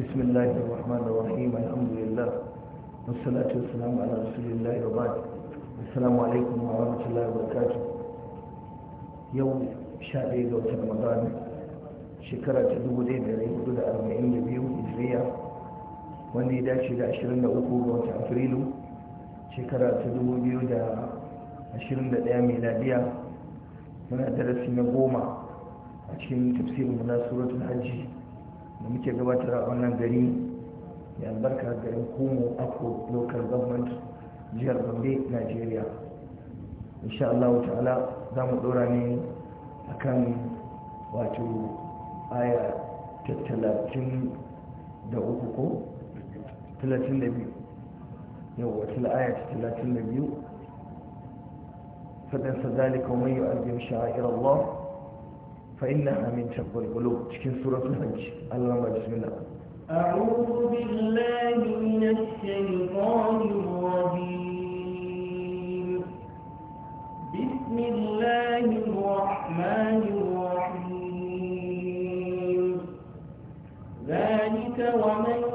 بسم الله الرحمن الرحيم الحمد لله والصلاة والسلام على رسول الله وبعد السلام عليكم ورحمة الله وبركاته يوم شهري ذو رمضان شكرا تدوب دين عليه حدود أربعين بيو إجرية واني داشي لعشرين أقوب وتعفريل شكرا تدوب بيو دا عشرين دا ميلادية من درس نقومة عشان تفسير من سورة الحجي da muke gabatar a wannan gari ya albarka garin kumo ako local government jihar gombe nigeria insha allahu ta'ala za mu dora ne a kan wato aya ta talatin da uku ko talatin da biyu yau wata aya ta talatin da biyu فدنس ذلك ومن يؤذن شعائر allah فإنها من شق القلوب تشكين سورة الحج اللهم بسم الله أعوذ بالله من الشيطان الرجيم بسم الله الرحمن الرحيم ذلك ومن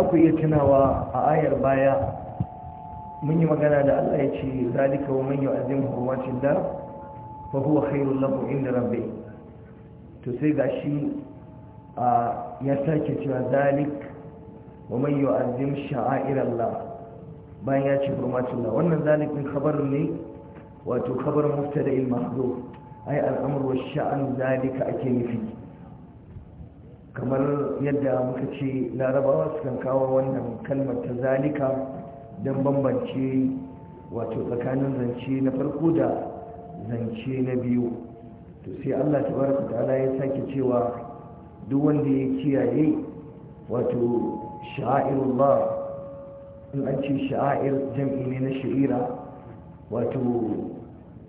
za ku iya tunawa a ayar baya mun yi magana da Allah ya ce zalika wa man yu'azzim hurmatin da fa huwa khairul lahu inda rabbi to sai gashi a ya sake cewa zalik wa man yu'azzim sha'airallah bayan ya ce hukumatullah wannan zalik din khabar ne wato khabar mubtada al mahdhuf ay al amru wa sha'an zalika ake nufi kamar yadda muka ce larabawa sukan kawo wannan kalmar ta zalika don bambance wato tsakanin zance na farko da zance na biyu to sai allah tabaraka ta'ala ya sake cewa duk wanda ya kiyaye wato sha'irullah in an ce sha'ir jam'i ne na sha'ira wato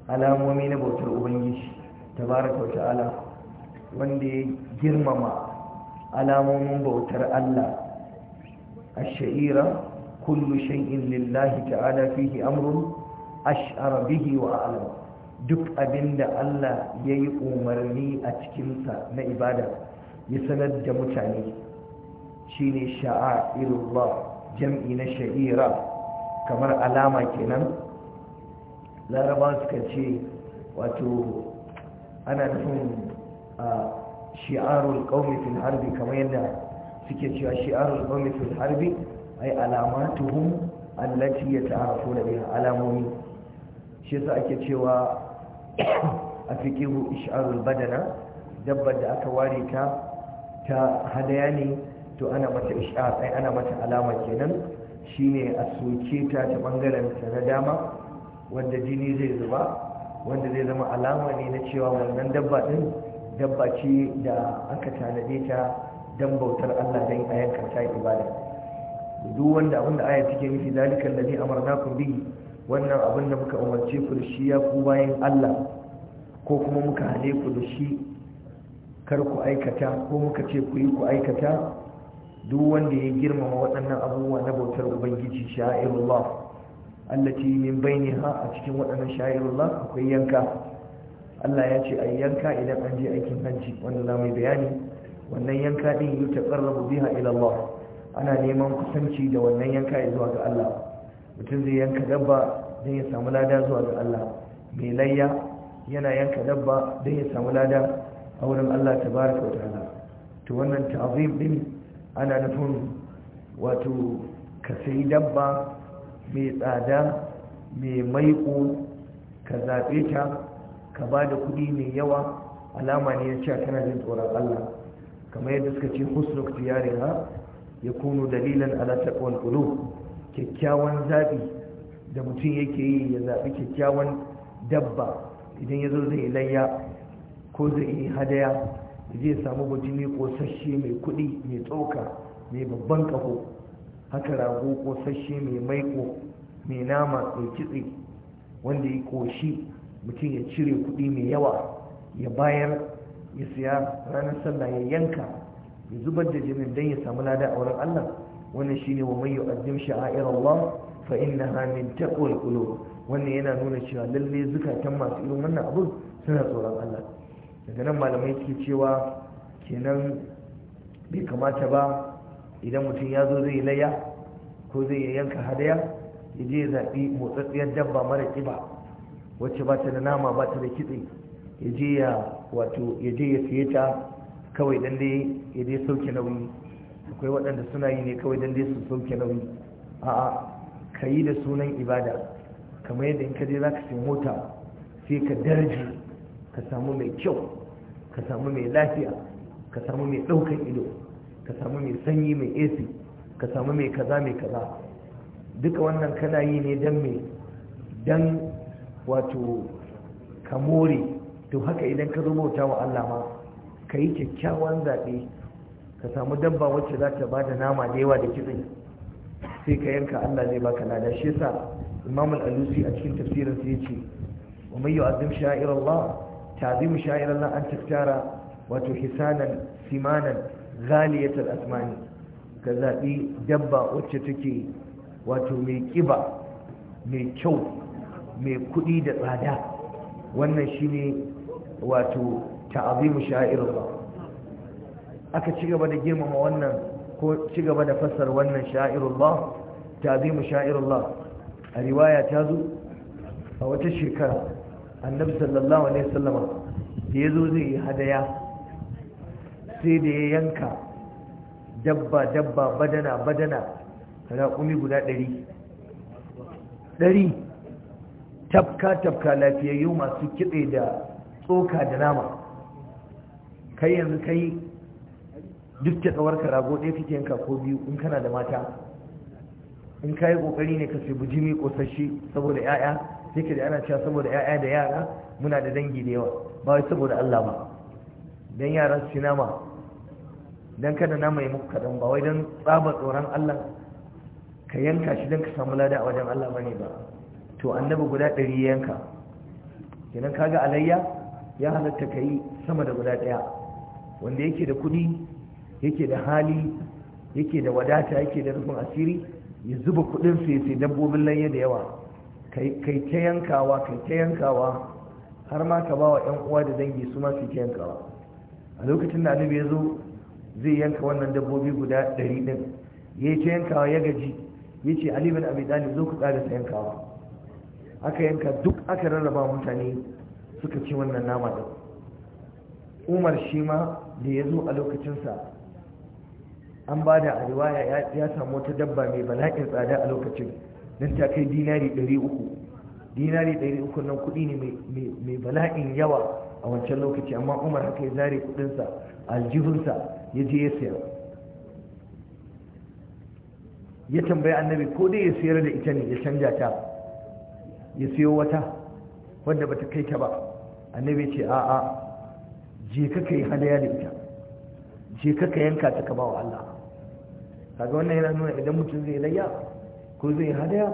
alamomi na bautar ubangiji tabaraka ta'ala wanda ya girmama alamomin bautar Allah الشعيرة كل شيء لله تعالى فيه أمر أشعر به وأعلم duk abinda Allah ya yi umarni a cikinsa na ibada ya sanar da mutane shi ne sha'a'irullah jam'i na sha'ira kamar alama kenan laraba suka ce wato ana nufin ah, shi'arul qawmi fil harbi kamar yadda suke cewa shi'arul qawmi fil harbi ay alamatuhum allati yata'arafuna biha alamomi shi yasa ake cewa a fiqihu ish'arul badana dabbar da aka ware ta ta hadaya ne to ana mata ish'ar ai ana mata alama kenan shine a soke ta ta bangaren ta na dama wanda jini zai zuba wanda zai zama alama ne na cewa wannan dabba din dabba ce da aka tanade ta don bautar Allah don a yanka ta ibada duk wanda abin da aya take nufi zalikan ladhi amarnakum bihi wannan abin da muka umarce ku da shi ya ku bayan Allah ko kuma muka hane ku da shi kar ku aikata ko muka ce ku yi ku aikata duk wanda ya girmama waɗannan abubuwa na bautar ubangiji sha'irullah allati min bainiha a cikin waɗannan sha'irullah akwai yanka Allah ya ce a yanka idan an je aikin hajji wanda za mu bayani wannan yanka din yi ta ƙarrabu biha ilallah ana neman kusanci da wannan yanka zuwa ga Allah mutum zai yanka dabba don ya samu lada zuwa ga Allah mai layya yana yanka dabba don ya samu lada a wurin Allah tabaraka wa ta'ala to wannan ta'zim din ana nufin wato ka sayi dabba mai tsada mai maiko ka zaɓe ta ka ba da kuɗi mai yawa alama ne ya ce tana jin tsoron Allah kamar yadda suka ce husnu ya yakunu dalilan ala taqwal qulub kyakkyawan zabi da mutum yake yi ya zaɓi kyakkyawan dabba idan ya zo zai layya ko zai yi hadaya zai samu ko kosasshe mai kuɗi mai tsoka mai babban kaho haka rago sashe mai maiko mai nama mai kitse wanda ya koshi mutum ya cire kuɗi mai yawa ya bayar ya siya ranar sallah ya yanka ya zubar da jinin don ya samu lada a wurin Allah wannan shine wa mai yu'azzim sha'air Allah fa innaha min taqwal qulub wannan yana nuna cewa lallai zukatan masu irin wannan abu suna tsoron Allah daga nan malamai ke cewa kenan bai kamata ba idan mutum ya zo zai laya ko zai yanka hadaya ya je ya zaɓi motsatsiyar dabba mara ƙiba wacce ba ta da nama ba ta da kitse ya je ya wato ya je ya siye ta kawai dan dai ya dai sauke nauyi akwai waɗanda suna yi ne kawai dan dai su sauke nauyi a'a ka yi da sunan ibada kamar yadda in ka je za ka sai mota sai ka darje ka samu mai kyau ka samu mai lafiya ka samu mai ɗaukar ido ka samu mai sanyi mai ac ka samu mai kaza mai kaza duka wannan kana yi ne dan mai dan wato kamori to haka idan ka zo wa Allah ma ka yi kyakkyawan zaɓe ka samu dabba wacce za ta ba da nama da yawa da kitse sai ka yanka Allah zai baka lada shi yasa imamul alusi a cikin tafsirin sa yace wa may yu'azzim sha'ir Allah ta'zimu an taftara wato hisanan simanan ghaliyatul asmani ka zaɓi dabba wacce take wato mai kiba mai kyau mai kuɗi da tsada wannan shi ne wato ta'azimu sha'irullah aka ci gaba da girmama wannan ko ci gaba da fassar wannan sha'irullah ta'azimu sha'irullah a riwaya ta zo a wata shekara annabi sallallahu alaihi wasallama da ya zo zai yi hadaya sai da ya yanka dabba dabba badana badana raƙumi guda ɗari ɗari tafka-tafka lafiyayyu masu kitse da tsoka da nama kai yanzu kai duk ta tsawar rago ɗaya fi yanka ko biyu in kana da mata in ka yi ƙoƙari ne ka ce bujimi ƙosashe saboda 'ya'ya sai ka da ana cewa saboda 'ya'ya da yara muna da dangi da yawa ba wai saboda Allah ba don yara su nama don kada nama ya muku kaɗan ba wai don tsaba tsoron Allah ka yanka shi don ka samu lada a wajen Allah ba ne ba to annabi guda ɗari ya yanka kenan kaga alayya ya halatta ka yi sama da guda ɗaya wanda yake da kuɗi yake da hali yake da wadata yake da rufin asiri ya zuba kuɗin su dabbobin layya da yawa kai ta yankawa kai ta yankawa har ma ka ba wa 'yan uwa da dangi su ma su ta yankawa a lokacin da annabi ya zo zai yanka wannan dabbobi guda ɗari ɗin ya yi ta yankawa ya gaji ya ce ali bin abi zo ku ta yankawa aka yanka duk aka rarraba mutane suka ci wannan nama da umar shi ma da ya zo a lokacinsa an ba da a riwaya ya samu wata dabba mai bala'in tsada a lokacin don ta kai dinari 300 dinari 300 nan kudi ne mai bala'in yawa a wancan lokaci amma umar haka ya zare kudinsa aljihunsa ya je ya sayar ya tambaya annabi ko dai ya sayar da ita ne ya canja ta ya siyo wata wanda bata kai ta ba annabi ce a'a je ka kai hadaya da ita je ka ka yanka ta ka bawa Allah kaga wannan yana nuna idan mutum zai layya ko zai hadaya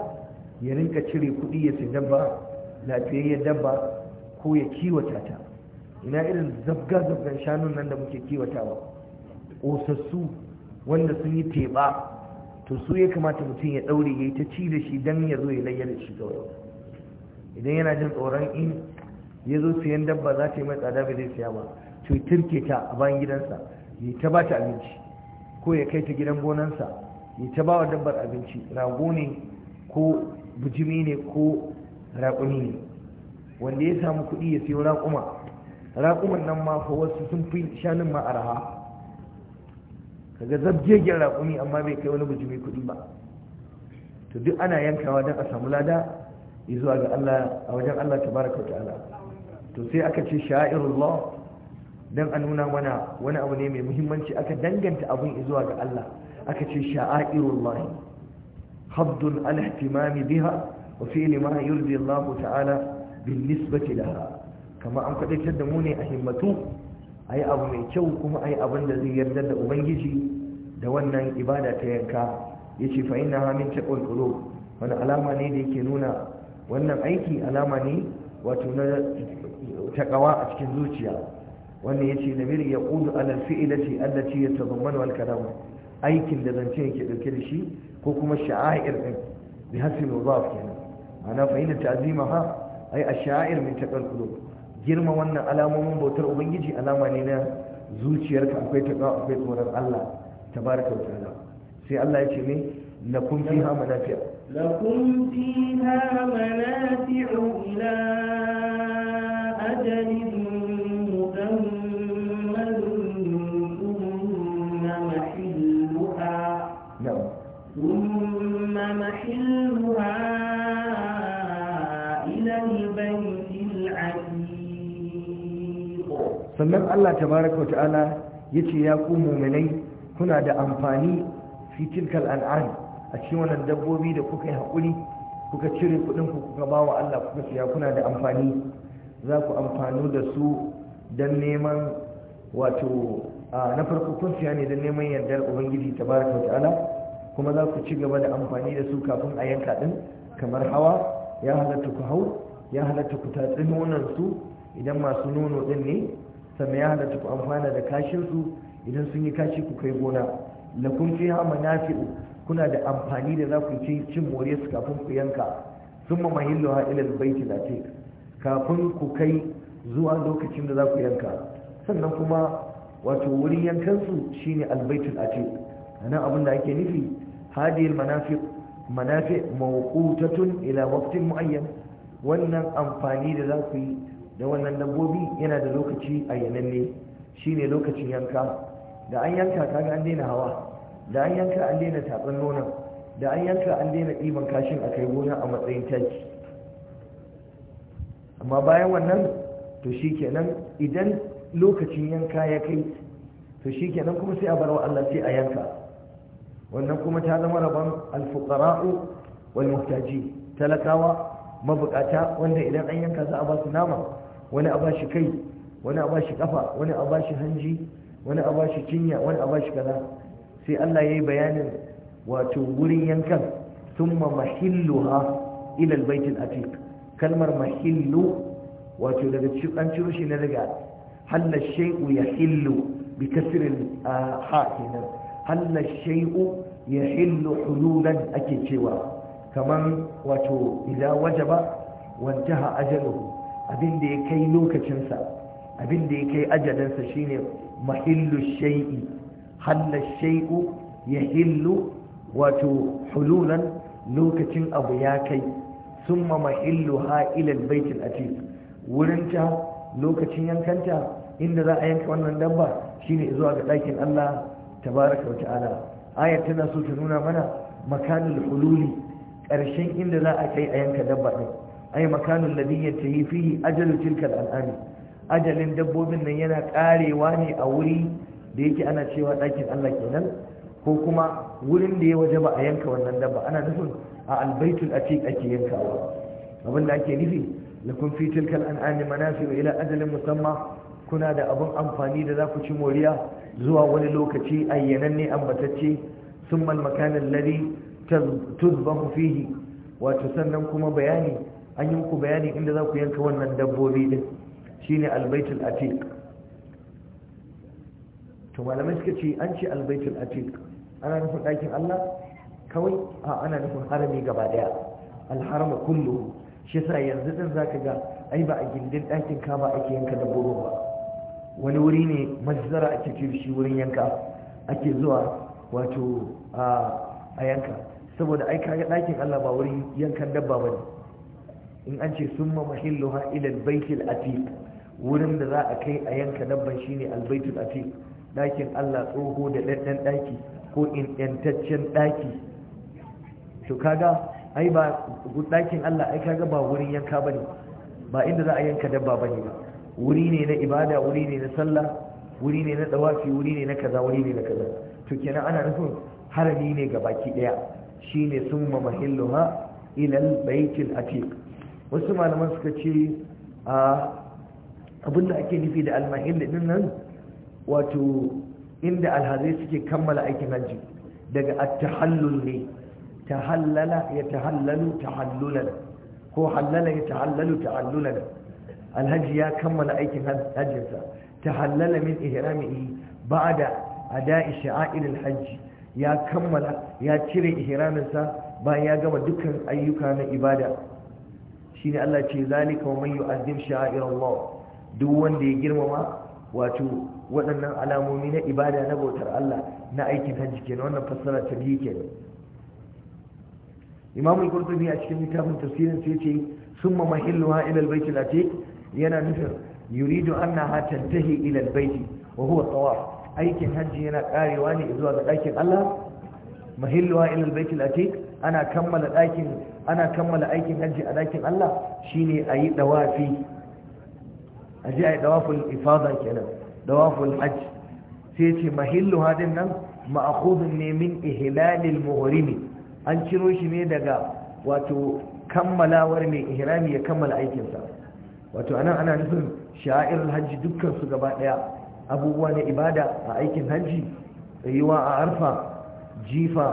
ya rinka cire kuɗi ya sai dabba lafiyayyar dabba ko ya kiwata ta ina irin zabga zabgan shanun nan da muke kiwatawa osassu wanda sun yi teɓa to su ya kamata mutum ya ɗaure ya yi ta ci da shi don ya zo ya layya da shi kawai idan yana jin tsoron in ya zo siyan dabba za ta yi mai tsada ba zai siya ba to ta a bayan gidansa ya ta ba ta abinci ko ya kai ta gidan gonansa ya ta ba wa dabbar abinci rago ne ko bujimi ne ko raƙumi ne wanda ya samu kuɗi ya siyo raƙuma raƙuman nan ma fa wasu sun fi shanun ma araha kaga zabjegen raƙumi amma bai kai wani bujimi kuɗi ba to duk ana yankawa don a samu lada zuwa ga Allah a wajen Allah tabaraka ta'ala to sai aka ce sha'irullah dan a nuna mana wani abu ne mai muhimmanci aka danganta abun izuwa ga Allah aka ce sha'irullah habdun al-ihtimam biha wa fi'l ma yurdi Allah ta'ala bin nisbati laha kama an kwadaitar da mu ne a himmatu ayi abu mai kyau kuma ayi abin da zai yarda da ubangiji da wannan ibada ta yanka yace fa innaha min taqwal qulub wani alama ne da yake nuna wannan aiki alama ne wato na taqwa a cikin zuciya wannan yace namir yaqudu ala alfi'lati allati yatadammanu alkalam aikin da zance yake dauke da shi ko kuma sha'air din bi hasbi mudaf kenan ana fa'ina ta'zimaha ay ash-sha'ir min taqal girma wannan alamomin bautar ubangiji alama ne na zuciyarka akwai taqwa akwai tsoron Allah tabaraka wa ta'ala sai Allah ya ce ne لكم فيها منافع لكم فيها منافع إلى أجل sannan Allah tabaraka wata'ala ta'ala yace ya ku mu'minai kuna da amfani fi tilkal an'am a cikin wannan dabbobi da kuka yi hakuri kuka cire kuɗin ku kuka ba wa Allah kuka siya kuna da amfani za ku amfanu da su don neman wato na farko kun siya ne don neman yardar ubangiji ta baraka wa ta'ala kuma za ku ci gaba da amfani da su kafin a yanka din kamar hawa ya halatta ku hau ya halatta ku tatsi nonon su idan masu nono din ne sannan ya halatta ku amfana da kashin su idan sun yi kashi ku kai gona lakum fiha manafi'u kuna da amfani da za ku ci cin moriyarsu kafin ku yanka sun ma mahillu ha ilal baiti da ce kafin ku kai zuwa lokacin da za ku yanka sannan kuma wato wurin yankansu shine albaitul atiq nan abin da ake nufi hadiyar manafi manafi mawqutatun ila waqtin muayyan wannan amfani da za ku yi da wannan dabbobi yana da lokaci shi shine lokacin yanka da an yanka kaga an daina hawa da an yanka an daina tatsan nonon da an yanka an daina ɗiban kashin a kai gona a matsayin taki amma bayan wannan to shi kenan idan lokacin yanka ya kai to shi kenan kuma sai a bar wa Allah sai a yanka wannan kuma ta zama rabon alfuqara'u wal muhtaji talakawa mabukata wanda idan an yanka za a ba su nama wani a ba shi kai wani a ba shi kafa wani a ba shi hanji wani a ba shi cinya wani a ba shi kaza sai Allah ya yi bayanin wato wurin yankan ma mahilluha ha albayt al-atiq kalmar mahillu wato daga an ciro shi na daga halla shay'u yahillu bi kasr ha kenan halla shay'u yahillu hululan ake cewa Kamar wato idza wajaba wantaha ajaluhu abin da ya kai lokacinsa abin da ya kai ajalinsa shine mahillu shay'i halla ya hillu wato hululan lokacin abu ya kai summa mahillu ha ila albayt alatiq wurin ta lokacin yankanta inda za a yanka wannan dabba shine zuwa ga ɗakin Allah tabaraka wa ta'ala ayat tana so ta nuna mana makanin hululi ƙarshen inda za a kai a yanka dabba ɗin ai makanul ta yantahi fi ajalu tilka al'ami ajalin dabbobin nan yana karewa ne a wuri da yake ana cewa ɗakin Allah kenan ko kuma wurin da ya waje ba a yanka wannan dabba ana nufin a albaitul a ake yankawa abin da ake nufi lakum an ani an'ami manafi'u ila ajalin musamma kuna da abin amfani da za ku ci moriya zuwa wani lokaci ayyananne ambatacce summa al-makan alladhi tuzbahu fihi wato sannan kuma bayani an yi muku bayani inda za ku yanka wannan dabbobi din shine albaitul atiq to malamai suka ce an ce albaitul atik ana nufin ɗakin Allah kawai a ana nufin harami gaba daya alharama kullu shi yasa yanzu din zaka ga ai ba a gindin ɗakin ba ake yanka dabbobin ba wani wuri ne mazzara ake ce shi wurin yanka ake zuwa wato a yanka saboda ai kaga ɗakin Allah ba wurin yankan dabba ba ne in an ce summa mahilluha ila baitul atik wurin da za a kai a yanka dabban shine albaitul atik ɗakin Allah tsoho da ɗanɗan ɗaki ko inɗantaccen ɗaki to kaga ai ba ɗakin Allah ai kaga ba wurin yanka bane ba inda za a yanka dabba bane ba wuri ne na ibada wuri ne na sallah wuri ne na dawafi wuri ne na kaza wuri ne na kaza to kenan ana nufin harami ne ga baki ne shine summa mahilluha ila al-baitil atiq wasu malaman suka ce a abinda ake nufi da al-mahill din nan wato inda alhazai suke kammala aikin hajji daga at-tahallul ne tahallala ya tahallalu tahallulan ko hallala ya tahallalu tahallulan alhaji ya kammala aikin hajjinsa tahallala min ihramihi ba'da ada'i sha'airil hajji ya kammala ya cire ihraminsa bayan ya gama dukkan ayyuka na ibada shine Allah ce zalika wa man yu'azzim sha'airallah duk wanda ya girmama wato waɗannan alamomi na ibada na bautar Allah na aikin hajji kenan wannan fassara ta biyu kenan imamu al a cikin littafin tafsirin sai ce summa mahilluha ila al-bayt yana nufin yuridu annaha tantahi ila al-bayt wa huwa tawaf aikin hajji yana karewa ne zuwa ga ɗakin Allah mahilluha ila al-bayt ana kammala ɗakin ana kammala aikin hajji a ɗakin Allah shine ayi dawafi a je a yi dawaful ifada kenan dawaful hajj sai ce mahillu hadin nan ma'akhudun ne min ihlalil muhrimi an ciro shi ne daga wato kammalawar mai ihrami ya kammala aikinsa wato anan ana nufin sha'ir hajji dukkan su gaba daya abubuwa na ibada a aikin hajji tsayuwa a arfa jifa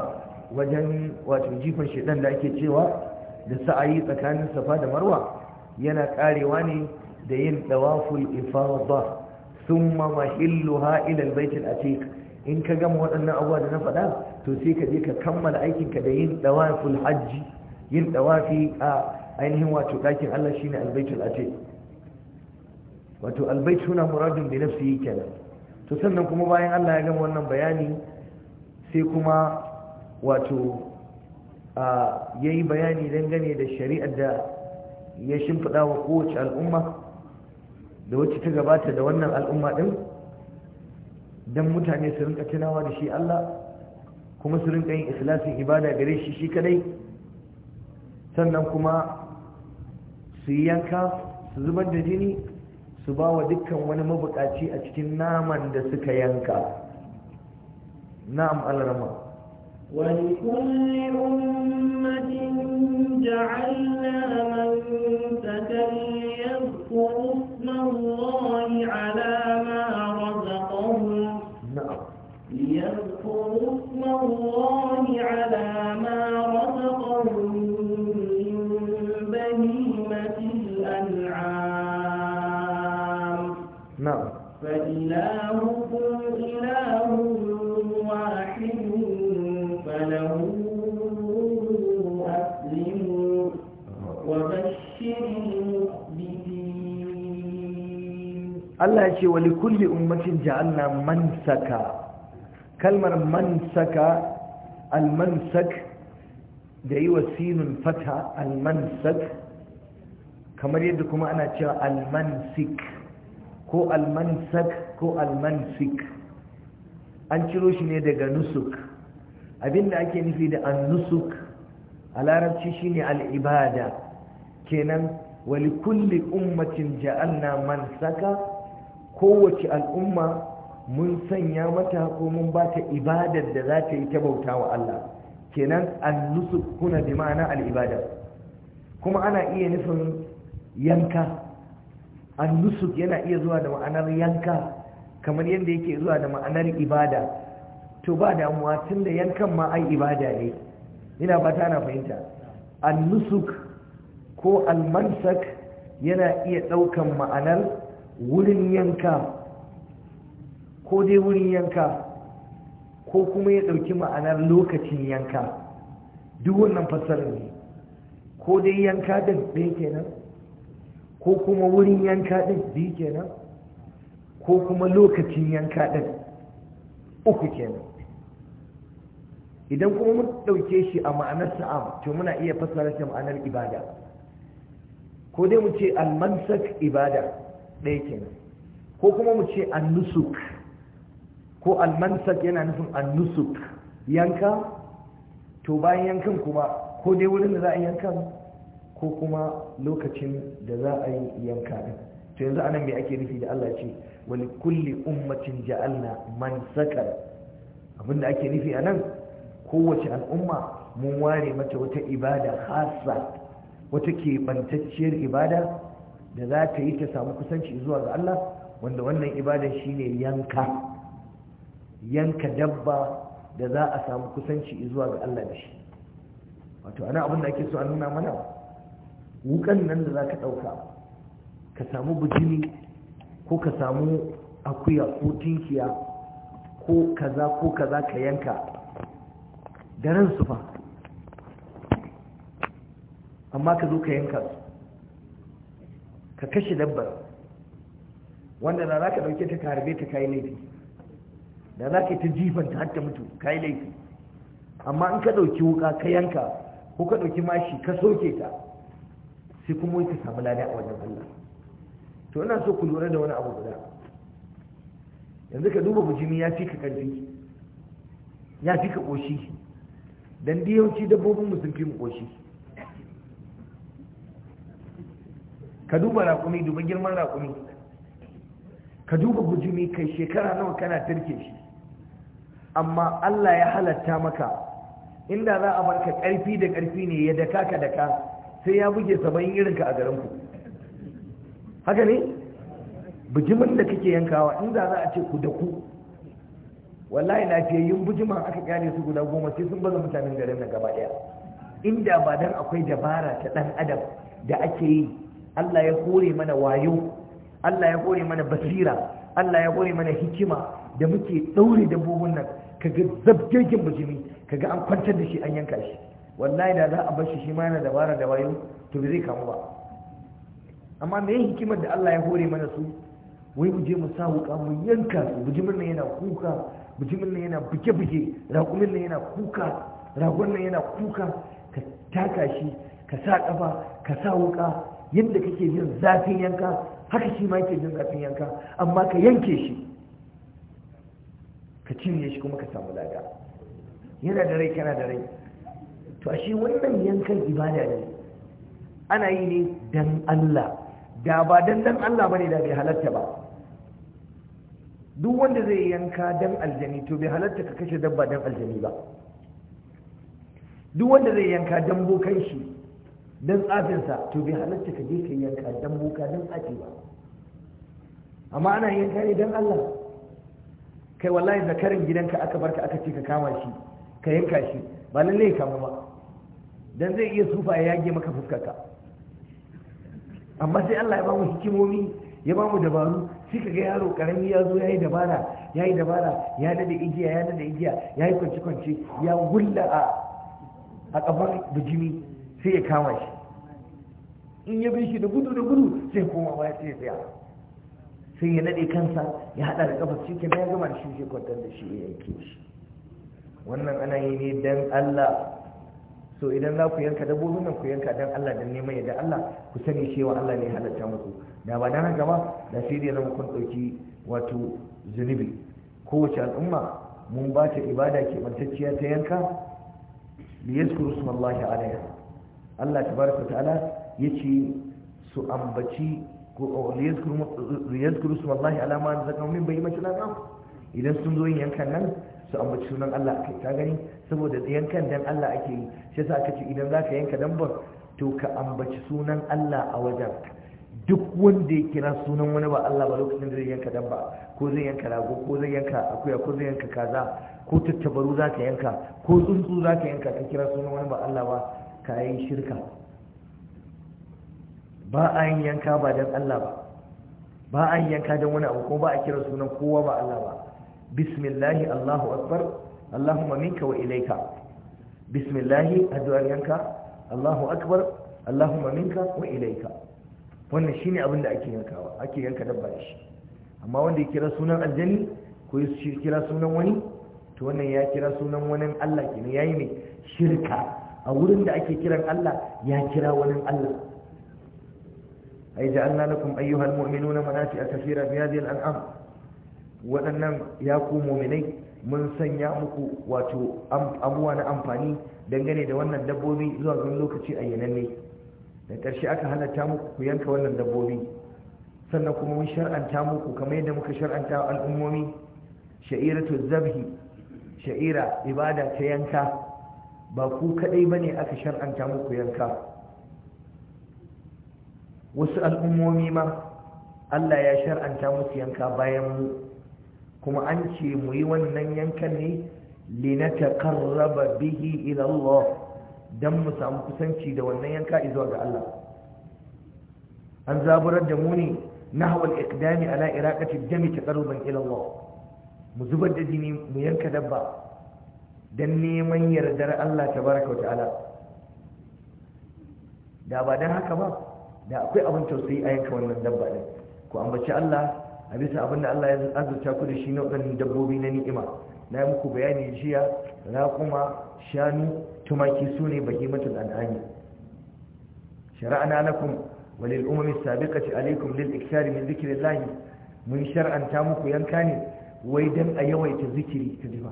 wajen wato jifan shedan da ake cewa da sa'ayi tsakanin safa da marwa yana karewa ne da yin tawaful ifada thumma mahilluha ila a alatiq in ka gama waɗannan abubuwa da na faɗa to sai ka je ka kammala aikinka da yin tawaful hajji yin ɗawafi a ainihin wato ɗakin Allah shine albaytul atiq wato albayt suna muradin bi nafsihi kenan to sannan kuma bayan Allah ya gama wannan bayani sai kuma wato yi bayani dangane da shari'ar da ya shimfiɗa wa kowace al'umma da wacce ta gabata da wannan al'umma din dan mutane su rinka tunawa da shi Allah kuma su rinka yin islasin ibada gare shi shi kadai sannan kuma su yi yanka su zubar da jini su ba wa dukkan wani mabukaci a cikin naman da suka yanka na'am alrama ولكل أمة جعلنا من تكن يذكرون اسم الله على ما رزقهم نعم. ليذكروا اسم الله Allah ya ce wali kulli ummatin ja'alna saka, kalmar man saka, al-mansak da yi wa sinun fata al-mansak kamar yadda kuma ana cewa al-mansik ko al-mansak ko al-mansik an ciro shi ne daga nusuk abinda ake nufi da an-nusuk a larabci shine al-ibada kenan wali kulli ummatin ja'alna saka? kowace al'umma mun sanya mata ko mun ba ta ibadar da za ta yi ta bauta wa Allah kenan al-nusuk kuna bi ma'ana al'ibada kuma ana iya nufin yanka al-nusuk yana iya zuwa da ma'anar yanka kamar yadda yake zuwa da ma'anar ibada to ba damuwa tun da yankan ma ai ibada ne ina ba ta na fahimta al-nusuk ko almansak yana iya ɗaukan ma'anar wurin yanka ko dai wurin yanka ko kuma ya ɗauki ma'anar lokacin yanka duk wannan fassarar ne ko dai yanka ɗin ɗaya kenan ko kuma wurin yanka ɗin biyu kenan ko kuma lokacin yanka ɗin uku kenan idan kuma mun ɗauke shi a ma'anar sa'am to muna iya fassara shi ma'anar ibada ko dai mu ce almansak ibada ɗaya kenan ko kuma mu ce annusuk ko almansak yana nufin annusuk yanka to bayan yankan kuma ko dai wurin da za a yanka, ko kuma lokacin da za a yi yanka ɗin to yanzu anan mai ake nufi da Allah ce wani kulli ummatin ja'alna man sakar abinda ake nufi a nan kowace al'umma mun ware mata wata ibada hasa wata keɓantacciyar ibada da za ta yi ta samu kusanci zuwa ga Allah wanda wannan ibadar shi ne yanka yanka dabba da za a samu kusanci zuwa ga Allah da shi wato ana abin da ake so a nuna mana wukan nan da za ka ɗauka ka samu bujini ko ka samu akuya ko tinkiya ko kaza ko kaza ka yanka da su fa amma ka zo ka yanka su ka kashe dabbar wanda da za ka dauke ta ka harbe ta kayi laifi da za ka yi ta jifanta hatta mutu kayi laifi amma in ka ɗauki wuka ka yanka ko ka dauki mashi ka soke ta sai kuma ka samu lada a wajen Allah to ina so ku lura da wani abu guda yanzu ka duba bujimi ya fi ka karfi ya fi ka ƙoshi dan yawanci dabbobin mu fi mu koshi ka duba rakumi duba girman rakumi ka duba bujumi kai shekara nawa kana tarke shi amma Allah ya halatta maka inda za a barka ƙarfi da ƙarfi ne ya daka ka daka sai ya buge saba'in irinka a garinku haka ne bujimin da kake yankawa inda za a ce ku da ku wallahi lafiyayyun bujiman aka kyale su guda goma sai sun baza mutanen garin na gaba ɗaya inda ba dan akwai dabara ta ɗan adam da ake yi Allah ya hore mana wayo Allah ya hore mana basira Allah ya hore mana hikima da muke daure dabbobin nan kaga zabgegen bujimi kaga an kwantar da shi an yanka shi wallahi da za a bar shi shi ma yana dabara da wayo to bai zai kamu ba amma me hikimar da Allah ya hore mana su wai mu je mu sa wuka mu yanka bujimin nan yana kuka bujimin nan yana buge-buge raƙumin nan yana kuka ragon nan yana kuka ka taka shi ka sa ƙafa ka sa wuka yadda kake jin zafin yanka haka shi ma yake jin zafin yanka amma ka yanke shi ka cinye shi kuma ka samu lada yana da rai kana da rai to ashe wannan yankan ibada ne ana yi ne dan Allah da ba dan dan Allah bane da bai halatta ba duk wanda zai yanka dan aljani to bai halatta ka kashe dabba dan aljani ba duk wanda zai yanka dan bokan shi don tsafinsa to bai halarta ka je ka yanka dan boka don tsafi ba amma ana yanka ne don Allah kai wallahi zakarin gidanka aka barka aka ce ka kama shi ka yanka shi ba lallai kamar kama ba dan zai iya sufa ya yage maka fuskarka amma sai Allah ya ba mu hikimomi ya ba mu dabaru sai ka ga yaro karami ya zo yayi dabara yayi dabara ya dade igiya ya dade igiya yayi kwance kwance ya gulla a a kafar bijimi sai ya kama shi in ya bin shi da gudu da gudu sai kuma baya sai ya tsaya sai ya nade kansa ya hada da kafa shi ke ya gama da shi shi kwantar da shi ya yanke shi wannan ana yi ne dan Allah so idan za ku yanka dabbobin nan ku yanka dan Allah dan neman yadda Allah ku sani cewa Allah ne halatta muku da ba dan gaba da sai dai zama kun dauki wato zunubi kowace al'umma mun ba ta ibada ke mantacciya ta yanka liyazkuru smallahi alaiha Allah tabaraka ta'ala yace su ambaci ko yazkuru su wallahi alama da zaka min bai mace nan idan sun zo yin yankan nan su ambaci sunan Allah akai ta gani saboda yankan dan Allah ake yi shi sa aka ce idan zaka yanka dambar to ka ambaci sunan Allah a wajen duk wanda ya kira sunan wani ba Allah ba lokacin da zai yanka ba ko zai yanka rago ko zai yanka akuya ko zai yanka kaza ko tattabaru za ka yanka ko tsuntsu za ka yanka ka kira sunan wani ba Allah ba kayan shirka ba a yin yanka ba don Allah ba ba a yin yanka don wani abu ko ba a kira sunan kowa ba Allah ba bismillahi Allahu akbar Allahumma minka wa ilaika bismillahi addu'ar yanka Allahu akbar Allahumma minka wa ilaika wannan shine abin da ake yankawa ake yanka dabba da shi amma wanda ya kira sunan aljanni ko ya kira sunan wani to wannan ya kira sunan wani Allah kenan yayi ne shirka a wurin da ake kiran Allah ya kira wani Allah ai ja'alna lakum ayyuhal mu'minuna manafi'a kathira fi hadhihi al waɗannan ya ku mu'minai mun sanya muku wato abuwa na amfani dangane da wannan dabbobi zuwa ga lokaci ayyananne da ƙarshe aka halatta muku ku yanka wannan dabbobi sannan kuma mun shar'anta muku kamar yadda muka shar'anta al'ummomi sha'iratu zabhi sha'ira ibada ta yanka ba ku kadai bane aka shar'anta muku yanka wasu al'ummomi ma Allah ya shar'anta musu yanka bayan mu kuma an ce mu yi wannan yankan ne linataqarraba bihi ila Allah dan mu samu kusanci da wannan yanka izuwa ga Allah an zaburar da mu ne nahwa ikdami iqdami ala iraqati Jami ta taqarruban ila Allah mu zubar da jini mu yanka dabba don neman yardar Allah ta baraka wa ta'ala da ba don haka ba da akwai abin tausayi a yanka wannan dabba ɗin ku ambaci Allah a bisa abin da Allah ya azurta ku da shi na waɗannan dabbobi na ni'ima na yi muku bayani jiya raƙuma shanu tumaki su ne bahimatul an'ami shara'ana lakum walil lil umami sabiqati alaykum lil ikthari min zikirillahi mun shar'anta muku yanka ne wai dan a yawaita zikiri ta ji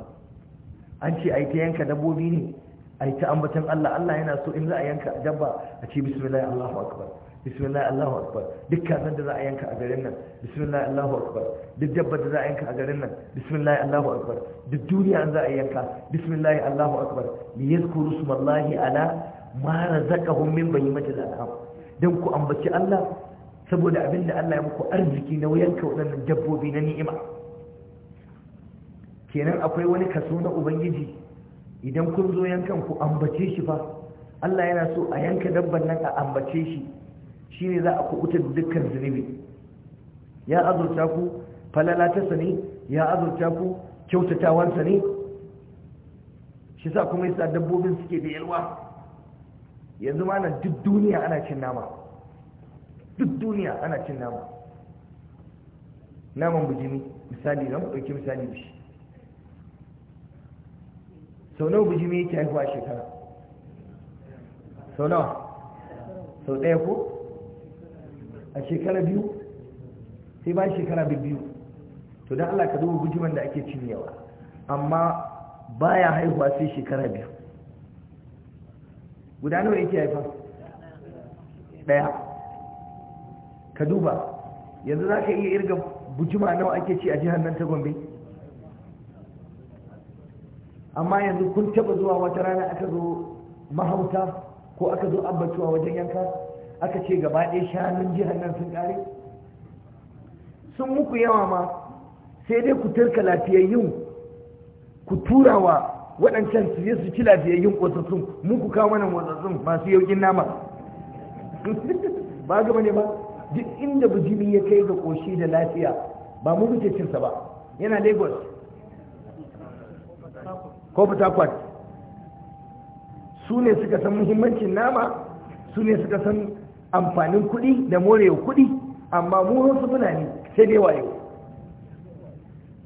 an ce a yi ta yanka dabbobi ne a yi ta ambatan Allah Allah yana so in za a yanka dabba a ce bismillah Allahu akbar bismillah Allahu akbar duk da za a yanka a garin nan bismillah Allahu akbar duk dabba da za a yanka a garin nan bismillah Allahu akbar duk duniya an za a yanka bismillah Allahu akbar li yazkuru smallahi ala ma razaqahum min bahimatil an'am dan ku ambaci Allah saboda abinda Allah ya muku arziki na yanka wannan dabbobi na ni'ima kenan akwai wani kaso na ubangiji idan kun zo yankan ku ambace shi fa Allah yana so a yanka dabban nan a ambace shi shine za a kubuta dukkan zunubi ya azurta ku falalatarsa ne ya azurta ku kyautatawansa ne shi sa kuma yasa dabbobin suke da yalwa yanzu ma nan duk duniya ana cin nama duk duniya ana cin nama naman bujimi misali zan ɗauki misali da shi sau nawa bijimi yake haihuwa shekara sau nawa sau ɗaya ko a shekara biyu sai ba shekara biyu to don allah ka duba bijiman da ake cinyewa amma baya haihuwa sai shekara biyu guda nawa yake haifa ɗaya ka duba yanzu za ka iya irga bujima nawa ake ci a jihar nan ta gombe amma yanzu kun taba zuwa wata rana aka zo mahauta ko aka zo abbatuwa wajen yanka aka ce gaba ɗaya shanun jihar nan sun ƙare sun muku yawa ma sai dai ku turka lafiyayyun ku tura wa waɗancan su je su ci lafiyayyun ƙosassun muku kawo mana ƙwasassun masu yaukin nama ba gaba ne ba duk inda bijimi ya kai ga ƙoshi da lafiya ba mu cinsa ba yana lagos ko fitakwat su ne suka san muhimmancin nama su ne suka san amfanin kuɗi da morewa kuɗi amma mu wasu muna ne sai dai wayo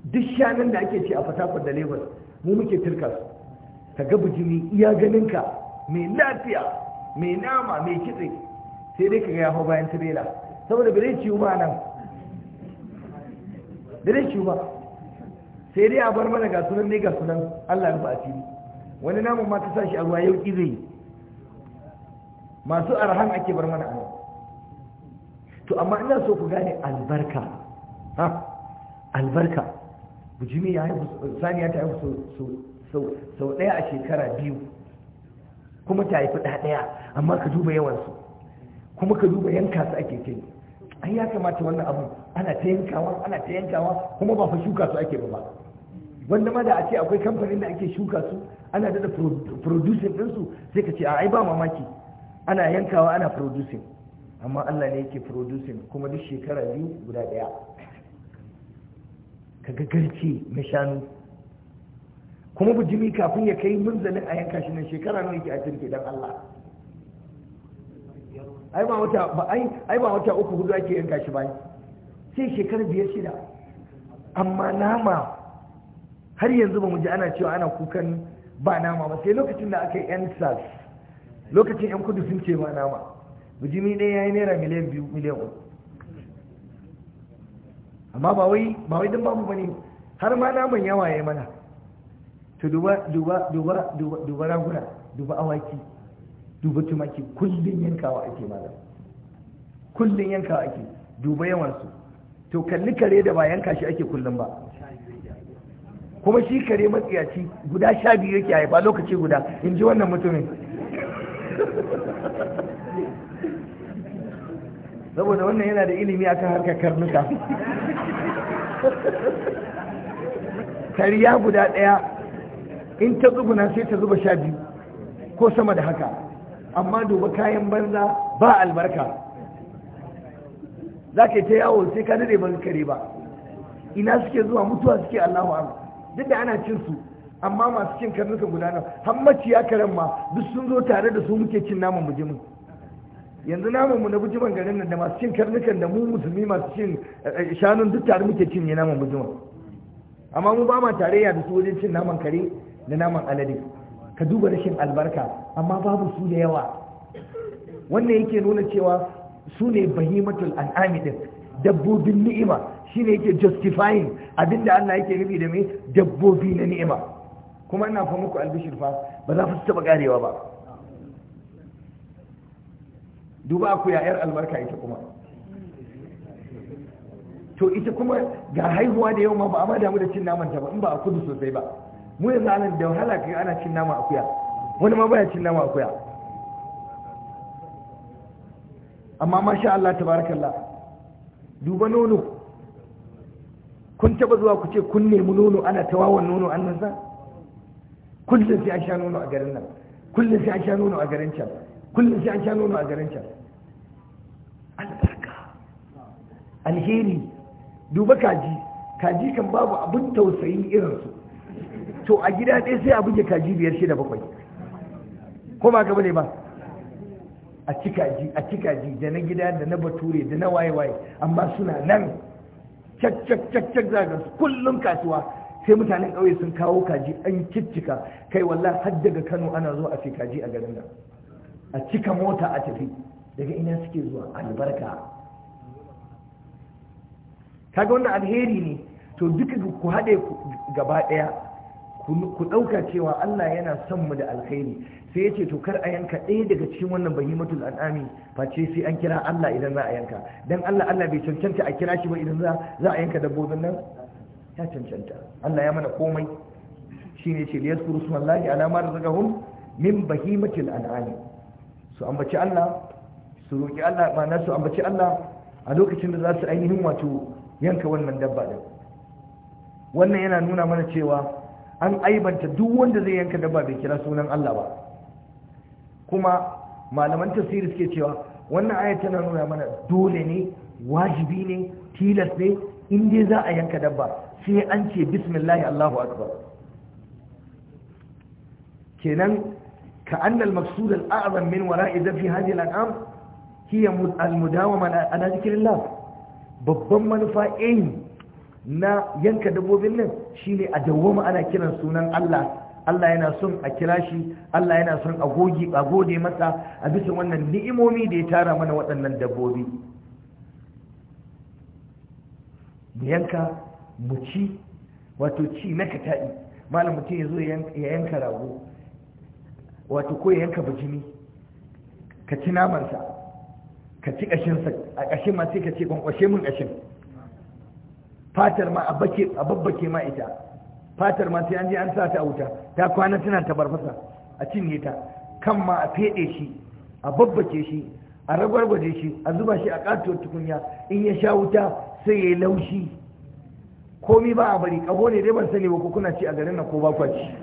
duk shanin da ake ce a kwat da lagos mu muke turka su ka ga bijimi iya ganinka mai lafiya mai nama mai kitse sai dai ka ga yaho bayan tirela saboda bai ciwo ba nan bai ciwo ba sai dai a bar mana ga sunan ne ga sunan Allah ya fili wani namu ma ta sa shi a ruwa yau zai masu arhan ake bar mana a to amma ina so ku gane albarka ha albarka bujimi ya haifu saniya ta haifu sau ɗaya a shekara biyu kuma ta haifi ɗaya amma ka duba yawansu kuma ka duba yanka su ake kai an ya kamata wannan abu ana ta yankawa ana ta yankawa kuma ba fa shuka su ake ba ba wanda ma da a ce akwai kamfanin da ake shuka su ana dada producing ɗinsu sai ka ce a ai ba mamaki ana yankawa ana producing amma Allah ne yake producing kuma duk shekara biyu guda ɗaya ka ga garke na shanu kuma bujimi kafin ya kai munzalin a yanka shi nan shekara nawa yake a turke dan Allah ai ba wata ba ai ai ba wata uku hudu ake yanka shi bai sai shekara biyar shida amma nama har yanzu ba mu ji ana cewa ana kukan ba nama ba sai lokacin da aka yi yan sas lokacin yan kudu sun ce ba nama mu ji ɗaya ya yi naira miliyan biyu miliyan uku amma ba wai ba wai don babu bane har ma naman yawa ya mana to duba duba duba duba ragura duba awaki duba tumaki kullum yankawa ake malam kullum yankawa ake duba yawansu to kalli kare da ba yanka shi ake kullum ba kuma shi kare matsiyaci guda sha biyu yake haifa lokaci guda in ji wannan mutumin saboda wannan yana da ilimi kan harkar karnuka kariya guda ɗaya in ta tsuguna sai ta zuba sha biyu ko sama da haka amma duba kayan banza ba albarka za ka yi ta yawo sai ka daɗe ban kare ba ina suke zuwa mutuwa suke allahu amma. duk da ana cin su amma masu cin karnuka guda nan har ya karen ma duk sun zo tare da su muke cin naman bujimin yanzu naman mu na bujiman garin nan da masu cin karnukan da mu musulmi masu cin eh, eh, shanun duk tare muke cin naman bujiman amma mu ba ma tarayya da su wajen cin naman kare da naman alade ka duba rashin albarka amma babu su da yawa wannan yake nuna cewa su ne bahimatul an'ami din dabbobin ni'ima shi ne yake justifying abinda Allah yake nufi da mai dabbobi na ni'ima kuma ina fa muku albishir fa ba za su taba karewa ba duba ku ya yar albarka ita kuma to ita kuma ga haihuwa da yau ma ba a da damu da cin naman ta ba in ba a kudu sosai ba mu yanzu anan da wahala kai ana cin nama akuya wani ma baya cin nama akuya amma masha Allah tabarakallah duba nono kun taba zuwa ku ce kun nemi nono ana tawawan nono an nasa? kullum sai an sha nono a garin nan kullum sai an sha nono a garin can kullum sai an sha nono a garin can albarka alheri duba kaji kaji kan babu abin tausayi irinsu to a gida ɗaya sai a buge kaji biyar shida bakwai ko ba ka bane ba a cika a da na gida da na bature da na waye-waye amma suna nan cak-cak-cak zaga kullum kasuwa sai mutanen ƙauye sun kawo kaji an ciccika kai walla har daga kano ana zuwa a kaji a garin nan a cika mota a tafi daga ina suke zuwa albarka kaga wannan alheri ne to duka ku haɗe gaba ɗaya ku ɗauka cewa Allah yana son mu da alheri. sai ya ce to kar a yanka ɗaya daga cikin wannan bahimatul an'ami face sai an kira Allah idan za a yanka dan Allah Allah bai cancanta a kira shi ba idan za za a yanka dabbobin nan ya cancanta Allah ya mana komai shine ce liyas kurusmallahi ala ma razaqahum min bahimatil an'ami su ambaci Allah su roki Allah ma'ana su ambaci Allah a lokacin da za su ainihin wato yanka wannan dabba din wannan yana nuna mana cewa an aibanta duk wanda zai yanka dabba bai kira sunan Allah ba kuma malaman tafsiri suke cewa wannan aya tana nuna mana dole ne wajibi ne tilas ne in dai za a yanka dabba sai an ce bismillah Allahu akbar kenan ka annal maqsud al-a'zam min wara'i dafi hadhihi al-an'am hiya al-mudawama ala dhikrillah babban manufa in na yanka dabbobin nan shine a dawwama ana kiran sunan Allah Allah yana son a kira shi Allah yana son a goge a gode masa a bisa wannan ni'imomi da ya tara mana waɗannan dabbobi mu yanka mu ci wato ci na kata'i malam mutum ya zo ya yanka rago wato ko ya yanka bijimi ka ci namansa ka ci ƙashinsa a ƙashin ma sai ka ce kwankwashe min ƙashin fatar ma a babbake ma ita fatar ma sai an je an sa ta a wuta ta kwana tana ta tabarfasa a cinye ta kan ma a feɗe shi a babbace shi a ragwargwaje shi a zuba shi a katuwar tukunya in ya sha wuta sai ya yi laushi komi ba a bari kago ne dai ban sani ba ko kuna ci a garin nan ko ba ci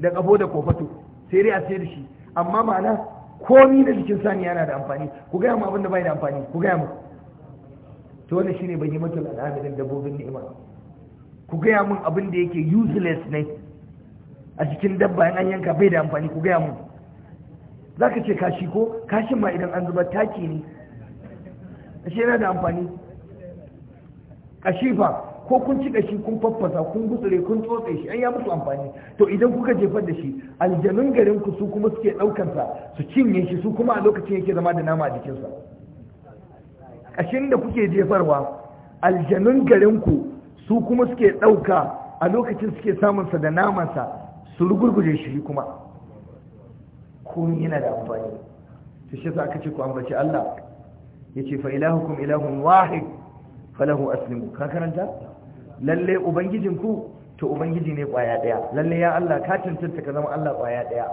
da kabo da kofato sai dai a sayar shi amma ma'ana komi na jikin saniya yana da amfani ku gaya mu abin da bai da amfani ku gaya mu to wannan shine ban yi an'am din dabbobin ni'ima ku gaya mun abin da yake useless ne a cikin dabba an yanka bai da amfani ku gaya mun zaka ce kashi ko kashin ma idan an zuba taki ne ashe yana da amfani kashi fa ko kun ci kashi kun faffasa kun gutsure kun tsotse shi an ya musu amfani to idan kuka jefar da shi aljanun garin ku su kuma suke ɗaukansa su cinye shi su kuma a lokacin yake zama da nama a jikinsa kashin da kuke jefarwa aljanun garinku su kuma suke ɗauka a lokacin suke samunsa da namansa su rugurguje shi kuma kun yana da amfani su shi sa aka ce ku ambaci Allah ya ce fa ilahukum ilahun wahid falahu aslimu ka karanta lalle ubangijinku to ubangiji ne kwaya daya lalle ya Allah ka tantance ka zama Allah kwaya daya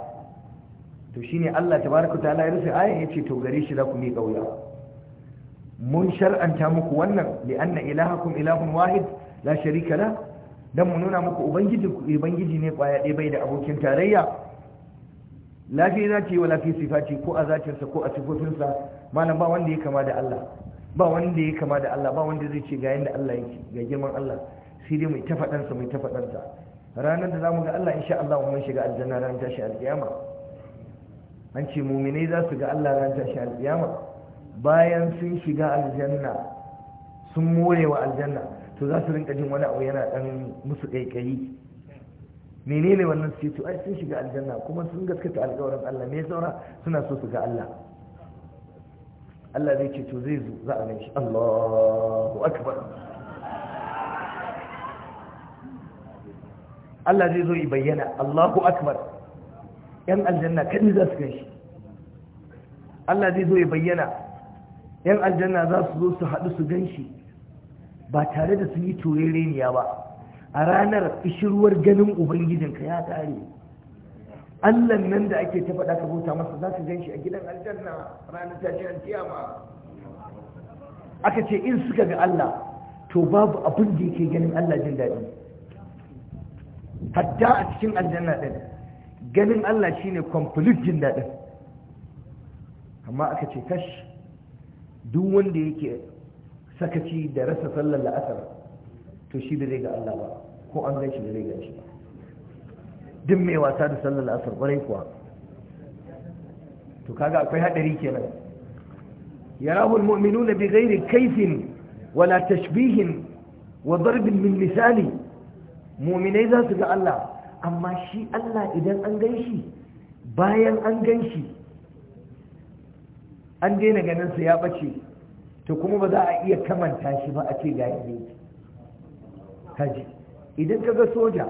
to shine Allah tabaraka ta'ala ya rufe ayan yace to gare shi za ku ne kauya mun shar'anta muku wannan li'anna ilahakum ilahun wahid la sharika la dan mu nuna muku ubangiji ku ubangiji ne kwaya ɗaya bai da abokin tarayya la fi zati wala fi sifati ko a zatinsa ko a sifofinsa malam ba wanda ya kama da Allah ba wanda ya kama da Allah ba wanda zai ce ga yanda Allah yake ga girman Allah sai dai mai ta faɗansa mai ta faɗansa ranar da zamu ga Allah insha Allah mun shiga aljanna ranar tashi alkiyama an ce mu'minai za su ga Allah ranar tashi alkiyama bayan sun shiga aljanna sun more wa aljanna to za su rinka jin wani abu yana dan musu kaikayi menene wannan su to ai sun shiga aljanna kuma sun gaskata alƙawarin Allah me saura suna so su ga Allah Allah zai ce to zai zo za a ganshi Allahu akbar Allah zai zo ya bayyana Allahu akbar yan aljanna kadi za su ganshi Allah zai zo ya bayyana yan aljanna za su zo su haɗu su gan shi ba tare da sun yi turereniya ba a ranar ishirwar ganin ubangijinka ya tare Allan nan da ake ta faɗa ka bauta masa za ka gan shi a gidan aljanna ranar ta tashin ma. aka ce in suka ga allah to babu abin da yake ganin allah jin daɗi hatta a cikin aljanna ɗin ganin allah shine complete jin daɗin amma aka ce kashi duk wanda yake sakaci da rasa sallar la'asar to shi da zai ga Allah ba ko an gan shi da zai gan shi ba duk mai wasa da sallar la'asar ƙwarai kuwa to kaga akwai haɗari kenan muminu na bi gairi kaifin wala tashbihin wa darbin min misali mu'minai za su ga Allah amma shi Allah idan an gan shi bayan an gan shi an daina ganin sa ya bace to kuma ba za a iya kamanta shi ba a ce ga yadda kaji idan ka ga soja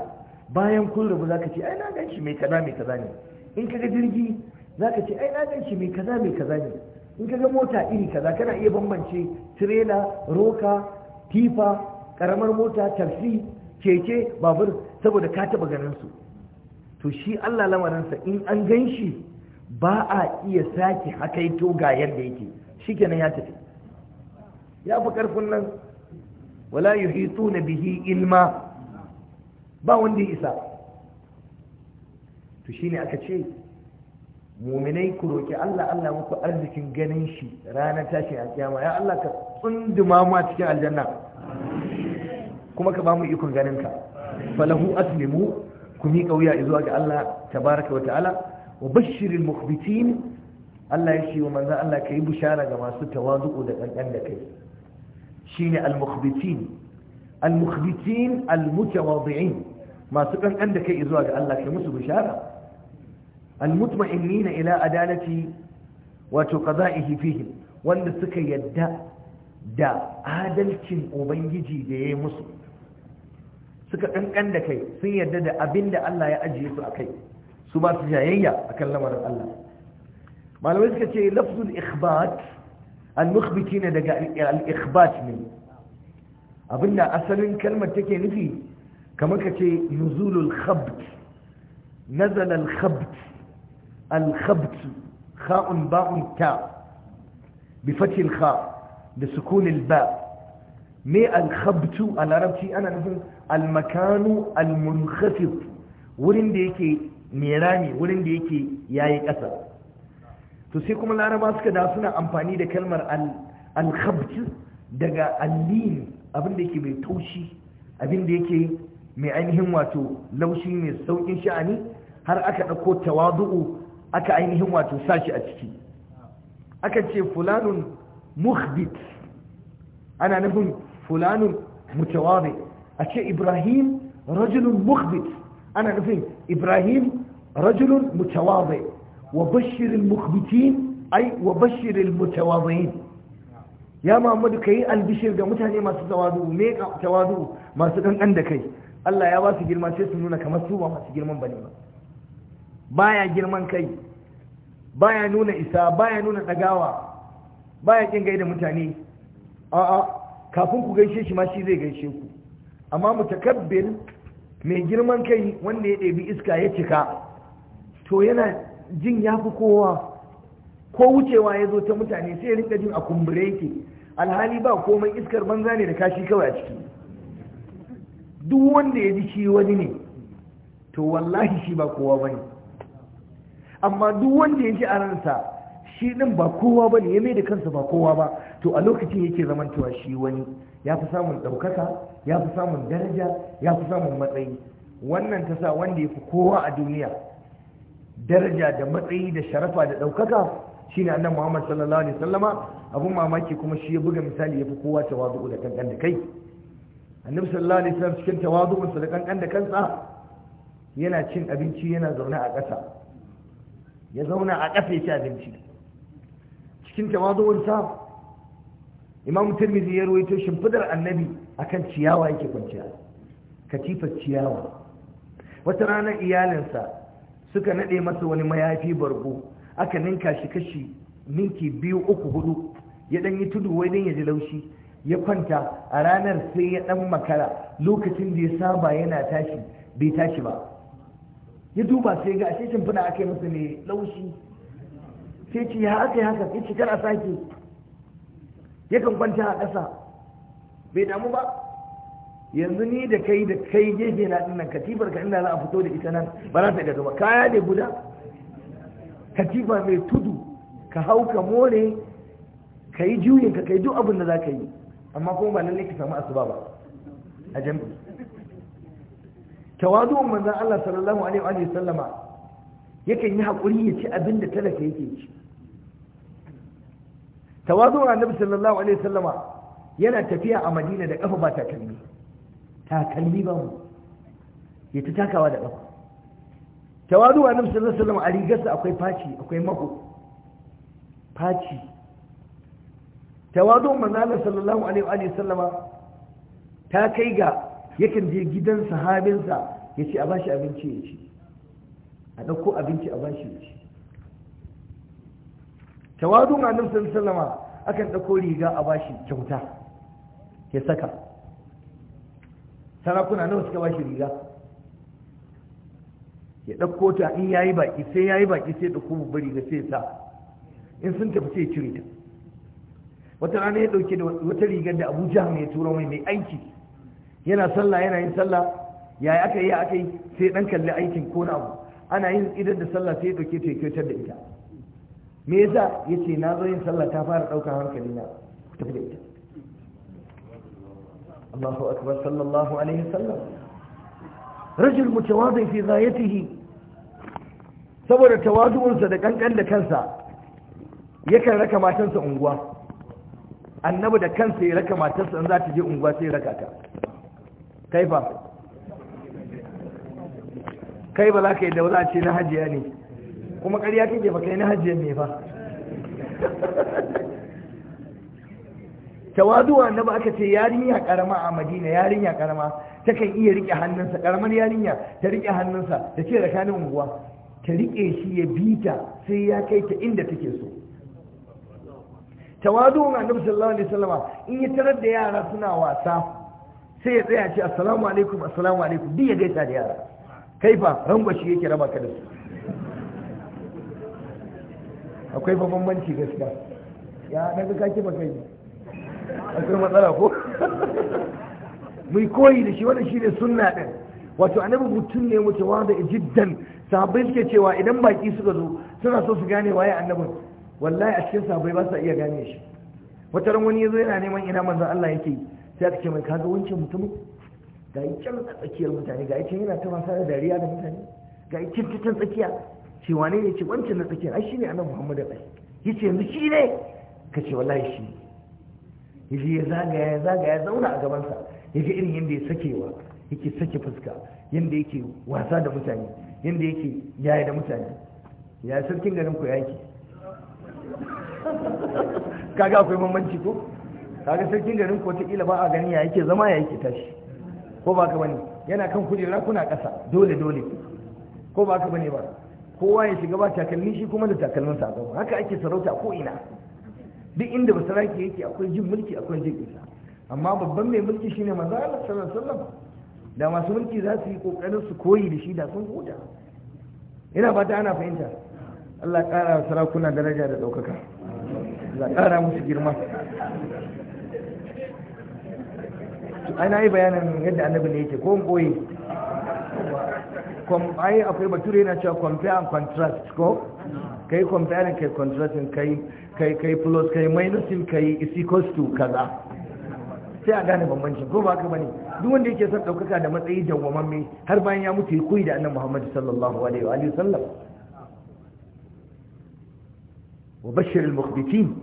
bayan kun rabu za ka ce ai na gan shi mai kaza mai kaza ne in ka ga jirgi za ka ce ai na gan shi mai kaza mai kaza ne in ka ga mota iri kaza kana iya bambance tirela roka tifa karamar mota tarsi keke babur saboda ka taba ganin su to shi Allah lamarinsa in an gan shi ba a iya sake hakaito ga yadda yake shi kenan ya tafi ya fi karfin nan wala yuhituna bihi ilma ba wanda ya isa to shine aka ce muminai ku roki Allah Allah muku arzikin ganin shi ranar a kiyama ya Allah ka tsunduma mu cikin aljanna kuma ka ba mu ikon ganin ka falahu aslimu ku miƙa wuya zuwa ga Allah tabaraka wa ta'ala wa bashirin mukhbitin Allah ya ce wa Allah ka yi bishara ga masu tawazu'u da ƙanƙan da kai shine al-mukhbitin al-mukhbitin al-mutawadhi'in masu da kai zuwa ga Allah kai musu bishara al-mutma'innina ila adalati wato qada'ihi fihi wanda suka yadda da adalcin ubangiji da yayi musu suka ƙanƙan da kai sun yadda da abinda Allah ya ajiye su akai kai su ba su jayayya lamarin Allah malamai suka ce lafzul ikhbat al-mukhbiti ne daga al-ikhbat ne abinda asalin kalmar take nufi kamar ka ce nuzulul khabt nazal al-khabt al-khabt kha'un ba'un ta bi kha da sukun ba me al-khabt a larabci ana nufin al-makanu al-munkhafid wurin da yake mai rami wurin da yake yayi ƙasa to sai kuma laraba suka da suna amfani da kalmar alkhabci daga allini abin da yake mai taushi abin da yake mai ainihin wato laushi mai saukin sha'ani har aka ɗauko tawadu'u aka ainihin wato sashi a ciki aka ce fulanun muhbit ana nufin fulanun mutawadi a ce ibrahim rajulun muhbit ana nufin ibrahim rajulun mutawadhi wa bashirin mukhbitin ai wa bashiril mutawadhin ya muhammadu kai albishir ga mutane masu tawadu me tawadu masu kankan da kai Allah ya ba su girma sai su nuna kamar su ba masu girman bane ba baya girman kai baya nuna isa baya nuna dagawa baya kin gaida mutane a'a kafin ku gaishe shi ma shi zai gaishe ku amma mutakabbir mai girman kai wanda ya ɗabi iska ya cika to yana jin ya fi kowa ko wucewa ya zo ta mutane sai ya rinka jin a kumbure yake alhali ba komai iskar banza ne da kashi kawai a ciki duk wanda ya ji shi wani ne to wallahi shi ba kowa ba ne amma duk wanda ya ji a ransa shi ɗin ba kowa ba ne ya mai da kansa ba kowa ba to a lokacin yake zamantawa shi wani ya fi samun ɗaukaka ya fi samun daraja ya fi samun matsayi wannan ta sa wanda ya fi kowa a duniya daraja da matsayi da sharafa da ɗaukaka shine annan muhammad sallallahu alaihi sallama abun mamaki kuma shi ya buga misali ya fi kowa tawazu'u da kankan da kai annabi sallallahu alaihi wasallam cikin tawazu'unsa da kankan da kansa yana cin abinci yana zaune a ƙasa ya zauna a ƙasa ya ci abinci cikin tawazuwansa imam tirmidhi ya rawaito shimfidar annabi akan ciyawa yake kwanciya katifar ciyawa wata rana iyalinsa suka nade masa wani mayafi bargo aka ninka shi kashi ninki biyu uku hudu ya dan yi tudu wai dan ya ji laushi ya kwanta a ranar sai ya dan makara lokacin da ya saba yana tashi bai tashi ba ya duba sai ga ashe shimfiɗa aka yi masa ne laushi sai ce ya aka yi haka sai ce kar a sake yakan kwanta a ƙasa bai damu ba yanzu ni da kai da kai gefe na dinnan katifar ka inda za a fito da ita nan ba za ta gaza ba kaya ne guda katifa mai tudu ka hau ka more ka yi juyin ka kai duk abin da za ka yi amma kuma ba ne ka samu asuba ba a jami'i tawadu'un manzon Allah sallallahu alaihi wa sallama yakan yi hakuri ya ci abin da talaka yake ci tawazu annabi sallallahu alaihi wasallama yana tafiya a madina da kafa ba takalmi takalmi ba mu ya ta takawa da kafa tawazu annabi sallallahu alaihi wasallama a rigarsa akwai faci akwai mako faci tawazu manzala sallallahu alaihi wasallama ta kai ga yakan je gidan sahabinsa ya ce a bashi abinci ya ci a ɗauko abinci a bashi ya ci tawadun ma nan sun sallama akan dauko riga a bashi kyauta ya saka sarakuna nawa suka bashi riga ya dauko ta in yayi baki sai yayi baki sai dauko babbar riga sai sa in sun tafi sai cire ta wata rana ya dauke da wata rigar da Abu Jahl ya turo mai mai aiki yana sallah yana yin sallah yayi aka yi aka yi sai dan kalli aikin ko na abu ana yin idan da sallah sai ya dauke ta ya kyautar da ita me yasa yace na zo yin sallah ta fara dauka hankali na ku tafi da ita Allahu akbar sallallahu alaihi wasallam rajul mutawadi fi ghayatihi saboda tawadu'unsa da kankan da kansa yakan raka matansa unguwa annabi da kansa ya raka matarsa in za ta je unguwa sai ya raka ta kaifa kai ba za ka yi daula ce na hajiya ne kuma ƙarya kake ba kai na hajji ne ba tawaduwa na ba aka ce yarinya karama a madina yarinya karama ta kan iya rike hannunsa karamar yarinya ta rike hannunsa ta ce da kanin unguwa ta rike shi ya bita sai ya kai ta inda take so tawaduwa annabi sallallahu alaihi wasallam in ya tarar da yara suna wasa sai ya tsaya ce assalamu alaikum assalamu alaikum duk ya gaita da yara kaifa rangwashi yake raba ka da su akwai fa bambanci gaskiya ya na ga kake ba kai akwai matsala ko mai koyi da shi wanda shi ne sunna din wato annabi mutum ne mutawa da jiddan sahabbai suke cewa idan baki suka zo suna so su gane waye annabin wallahi a cikin sahabbai ba sa iya gane shi wata ran wani yazo yana neman ina manzon Allah yake sai aka ce mai kaga wancan mutumin ga yi can tsakiyar mutane ga yi can yana ta da dariya da mutane ga yi can tsakiya ce wane ne ce wancan na tsakiyar ai shi ne annabi muhammadu ɗai ya ce yanzu shi ne ka ce wallahi shi ya ce ya zagaya ya zagaya zauna a gabansa ya ga irin yadda ya sakewa yake sake fuska yadda yake wasa da mutane yadda yake yaya da mutane ya sarkin garin ku yaki kaga akwai bambanci ko kaga sarkin garin ku wataƙila ba a gani ya yake zama ya yake tashi ko ba ka bane yana kan kujera kuna ƙasa dole dole ko ba ka bane ba kowa ya shiga ba takalmi shi kuma da takalminsa a gaba haka ake sarauta ko ina duk inda ba sarki yake akwai jin mulki akwai jin isa amma babban mai mulki shine manzo Allah sallallahu alaihi wasallam da masu mulki za su yi kokarin su koyi da shi da sun huta ina fata ana fahimta Allah ƙara wa sarakuna daraja da ɗaukaka Allah ƙara musu girma ana yi bayanin yadda annabi ne yake ko koyi ai akwai bature yana cewa compare and contrast ko kai comparing kai contrasting kai kai kai plus kai minusin kai is equals to kaza sai a gane bambancin ko ba ka bane duk wanda yake son daukaka da matsayi dawwamamme har bayan ya mutu ya koyi da annabi Muhammad sallallahu alaihi wa alihi wa bashir al-mukhbitin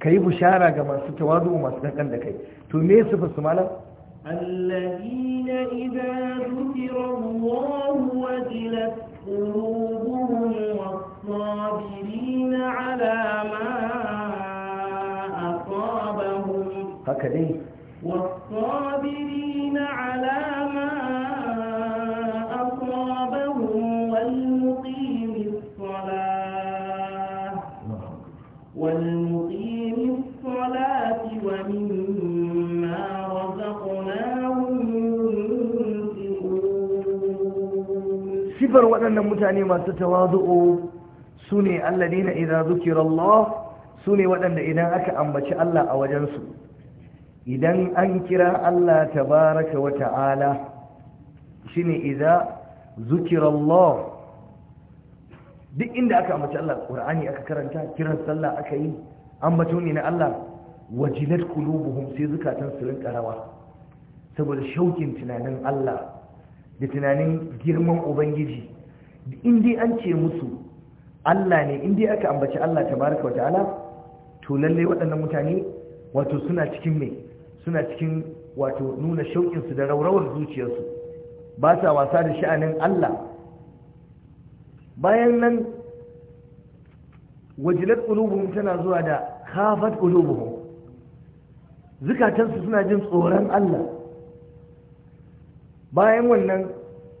kai bushara ga masu tawadu masu dankan da kai to me su fasu malam الذين إذا ذكر الله وجلت قلوبهم والصابرين على ما أصابهم والصابرين على ما sifar waɗannan mutane masu tawazu'u su ne alladina idza zukira Allah su ne waɗanda idan aka ambaci Allah a wajensu idan an kira Allah tabaraka wa ta'ala shine idza zukira Allah duk inda aka ambaci Allah Qur'ani aka karanta kiran sallah aka yi ambato ne na Allah wajilat qulubuhum sai zukatan su rinka rawa saboda shaukin tunanin Allah da tunanin girman ubangiji in dai an ce musu Allah ne in dai aka ambaci Allah tabaraka wa ta'ala to lalle waɗannan mutane wato suna cikin me suna cikin wato nuna shauƙin su da raurawar zuciyarsu ba sa wasa da sha'anin Allah bayan nan wajilat qulubuhum tana zuwa da khafat qulubuhum zukatansu suna jin tsoron Allah bayan wannan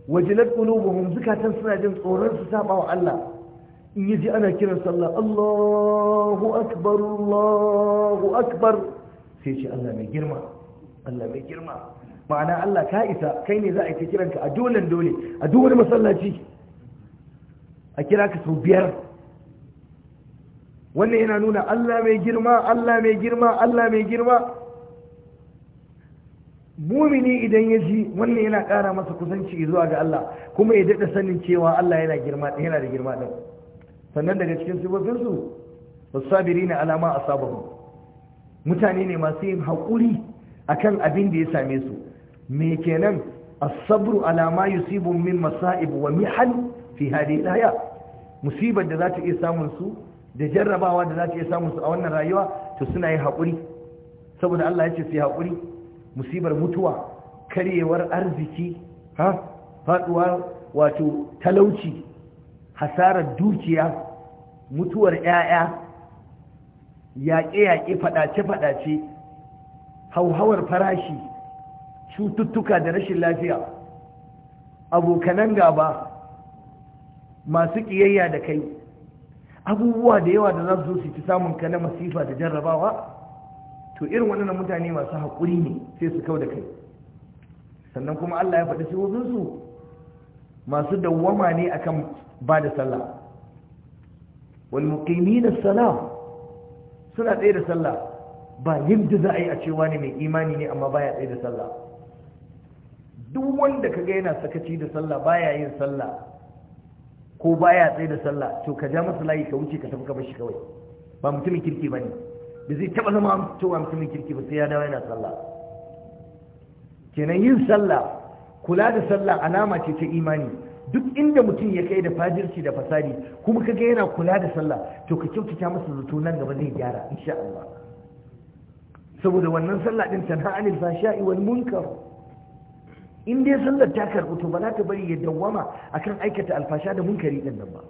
wajilar qulubuhum zukatan suna jin tsoron su saba wa Allah in yaji ana kiran sallah Allahu akbar Allahu akbar sai ce Allah mai girma Allah mai girma ma'ana Allah ka isa kai ne za a yi kiranka a dolen dole a duk wani masallaci a kira ka sau biyar wannan yana nuna Allah mai girma Allah mai girma Allah mai girma mumini idan ya ji wannan yana ƙara masa kusanci zuwa ga Allah kuma ya daɗa sanin cewa Allah yana girma yana da girma ɗin sannan daga cikin su wasabiri na alama a mutane ne masu yin haƙuri akan abin da ya same su me kenan asabru alama yusibu min masa'ib wa mihal fi hadhihi alhaya musibar da za ta iya samun su da jarrabawa da za ta iya samun su a wannan rayuwa to suna yin haƙuri saboda Allah ya ce su yi haƙuri musibar mutuwa karyewar arziki ha faduwa wato talauci hasarar dukiya mutuwar 'ya'ya, yaƙe-yaƙe faɗace-faɗace hauhawar farashi cututtuka da rashin lafiya abokanan gaba masu ƙiyayya da kai abubuwa da yawa da za su zo su ci samun ka na masifa da jarrabawa to irin waɗannan mutane masu haƙuri ne sai su kau da kai sannan kuma Allah ya faɗi su masu dawwama ne akan ba da sallah wal da salam suna tsaye da sallah ba yadda za a yi a cewa ne mai imani ne amma baya tsaye da sallah duk wanda kaga yana sakaci da sallah baya yin sallah ko baya tsaye da sallah to ka ja masa layi ka wuce ka tafi ka bar shi kawai ba mutumin kirki bane da zai taba zama mutuwa mutumin kirki ba sai ya dawo yana sallah kenan yin sallah kula da sallah alama ce ta imani duk inda mutum ya kai da fajirci da fasadi kuma kaga yana kula da sallah to ka kyautata masa zato nan gaba zai gyara insha Allah saboda wannan sallah din tanha anil fashai wal munkar in dai sallar ta karɓu to ba za ta bari ya dawwama akan aikata alfasha da munkari din nan ba